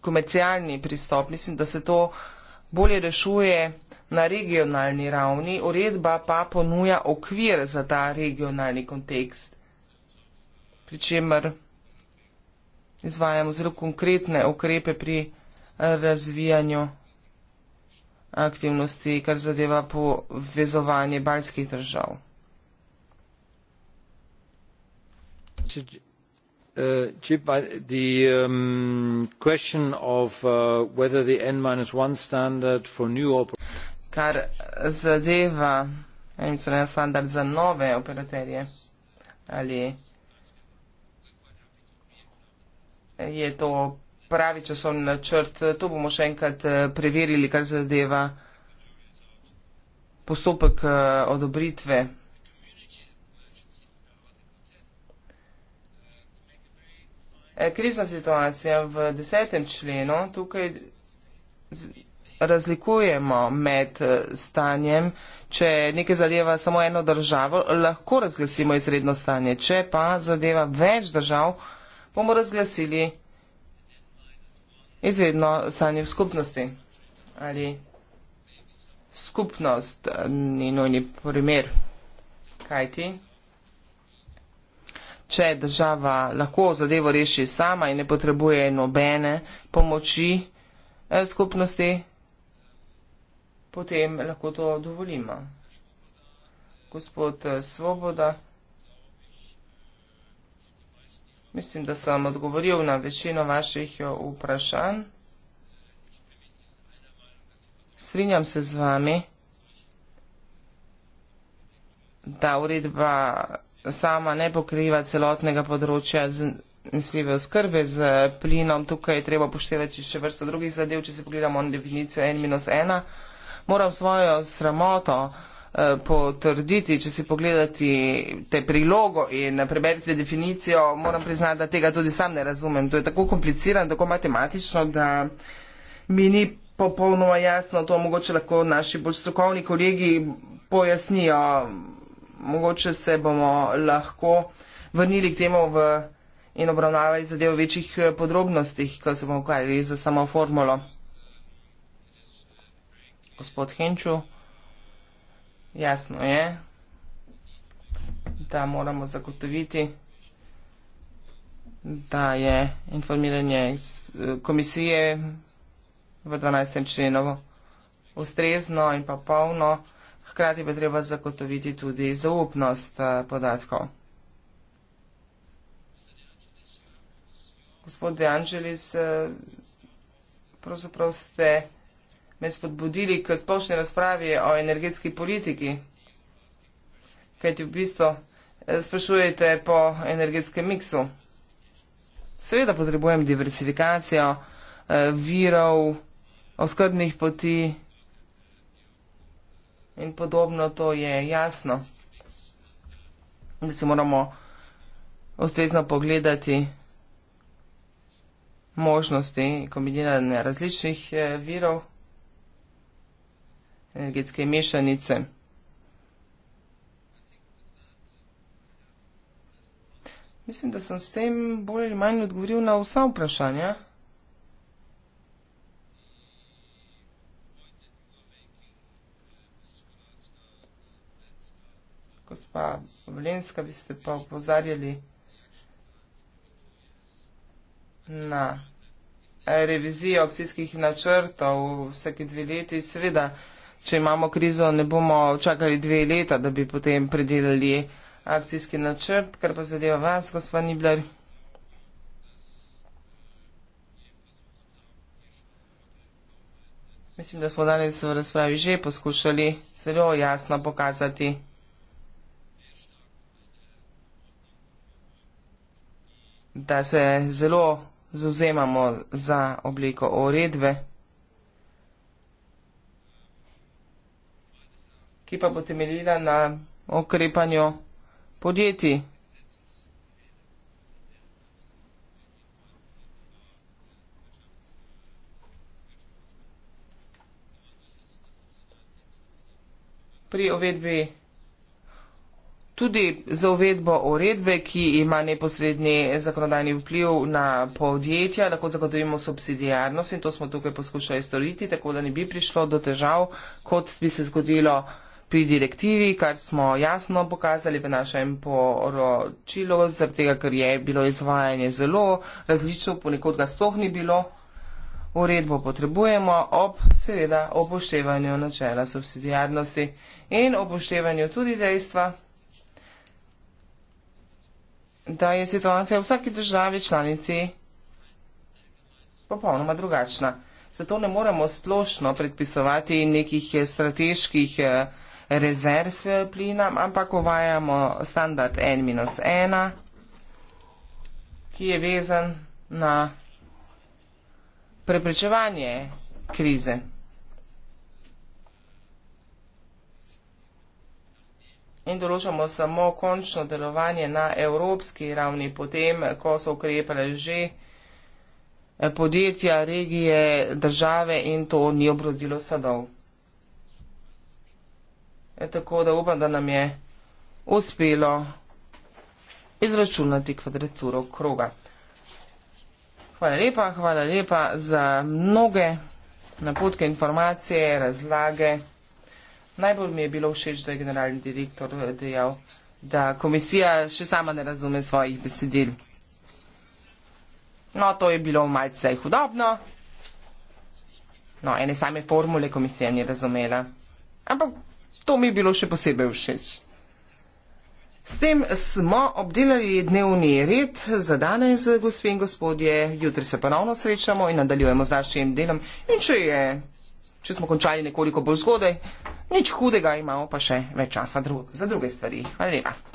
komercialni pristop. Mislim, da se to bolje rešuje na regionalni ravni, uredba pa ponuja okvir za ta regionalni kontekst. Pričemer izvajamo zelo konkretne ukrepe pri eh, razvijanju aktivnosti, kar zadeva povezovanje baljskih držav. Če, uh, če pa the um, question of uh, whether the N-1 standard for new kar zadeva, ne vem, standard za nove operaterje ali je to pravi časovni načrt. To bomo še enkrat eh, preverili, kar zadeva postopek eh, odobritve. Eh, krizna situacija v desetem členu tukaj razlikujemo med stanjem. Če nekaj zadeva samo eno državo, lahko razglasimo izredno stanje. Če pa zadeva več držav, bomo razglasili izredno stanje v skupnosti ali skupnost eh, ni nujni primer. Kaj ti? Če država lahko zadevo reši sama in ne potrebuje nobene pomoči eh, skupnosti, potem lahko to dovolimo. Gospod eh, Svoboda. Mislim, da sem odgovoril na večino vaših eh, vprašanj. Strinjam se z vami, da uredba sama ne pokriva celotnega področja nesljive oskrbe z plinom. Tukaj je treba upoštevati še vrsto drugih zadev, če se pogledamo na definicijo N-1. Moram svojo sramoto. Eh, potrditi, če si pogledati te prilogo in preberite definicijo, moram priznati, da tega tudi sam ne razumem. To je tako komplicirano, tako matematično, da mi ni popolnoma jasno, to mogoče lahko naši bolj strokovni kolegi pojasnijo. Mogoče se bomo lahko vrnili k temu v in obravnavali zadevo v večjih eh, podrobnostih, ko se bomo ukvarjali za samo formulo. Gospod Henču. Jasno je, da moramo zagotoviti, da je informiranje iz eh, komisije v 12. členu ustrezno in pa polno, hkrati pa treba zagotoviti tudi zaupnost eh, podatkov. Gospod De Angelis, eh, pravzaprav ste me spodbudili k splošni razpravi o energetski politiki. Kajti v bistvu eh, sprašujete po energetskem miksu. Seveda potrebujem diversifikacijo eh, virov, oskrbnih poti in podobno, to je jasno. Da si moramo ustrezno pogledati možnosti kombiniranja različnih eh, virov energetske mešanice. Mislim, da sem s tem bolj ali manj odgovoril na vsa vprašanja. Gospa Velenska, vi ste pa upozarjali na revizijo akcijskih načrtov vsake dve leti. Seveda, če imamo krizo, ne bomo čakali dve leta, da bi potem predelali akcijski načrt, kar pa zadeva vas, gospod Nibler. Mislim, da smo danes v razpravi že poskušali zelo jasno pokazati. da se zelo zauzemamo za obliko uredbe. ki pa bo temeljila na okrepanju podjetij. Pri uvedbi, tudi za uvedbo uredbe, ki ima neposredni zakonodajni vpliv na podjetja, lahko zagotovimo subsidijarnost in to smo tukaj poskušali storiti, tako da ne bi prišlo do težav, kot bi se zgodilo pri direktivi, kar smo jasno pokazali v našem poročilu, zaradi tega, ker je bilo izvajanje zelo različno, ponekod ga sploh ni bilo. Uredbo potrebujemo ob seveda upoštevanju načela subsidijarnosti in upoštevanju tudi dejstva, da je situacija v vsaki državi članici popolnoma drugačna. Zato ne moremo splošno predpisovati nekih eh, strateških eh, rezerv eh, plina, ampak uvajamo standard N-1, ki je vezan na preprečevanje krize. In določamo samo končno delovanje na evropski ravni, potem, ko so ukrepele že eh, podjetja, regije, države in to ni obrodilo sadov. E, tako da upam, da nam je uspelo izračunati kvadraturo kroga. Hvala lepa, hvala lepa za mnoge napotke, informacije, razlage. Najbolj mi je bilo všeč, da je generalni direktor dejal, da komisija še sama ne razume svojih besedil. No, to je bilo malce hudobno. No, ene same formule komisija ni razumela. Ampak To mi je bilo še posebej všeč. S tem smo obdelali dnevni red za danes, gospe in gospodje. Jutri se ponovno srečamo in nadaljujemo z našim delom. In če, je, če smo končali nekoliko bolj zgodaj, nič hudega, imamo pa še več časa dru za druge stvari. Hvala lepa.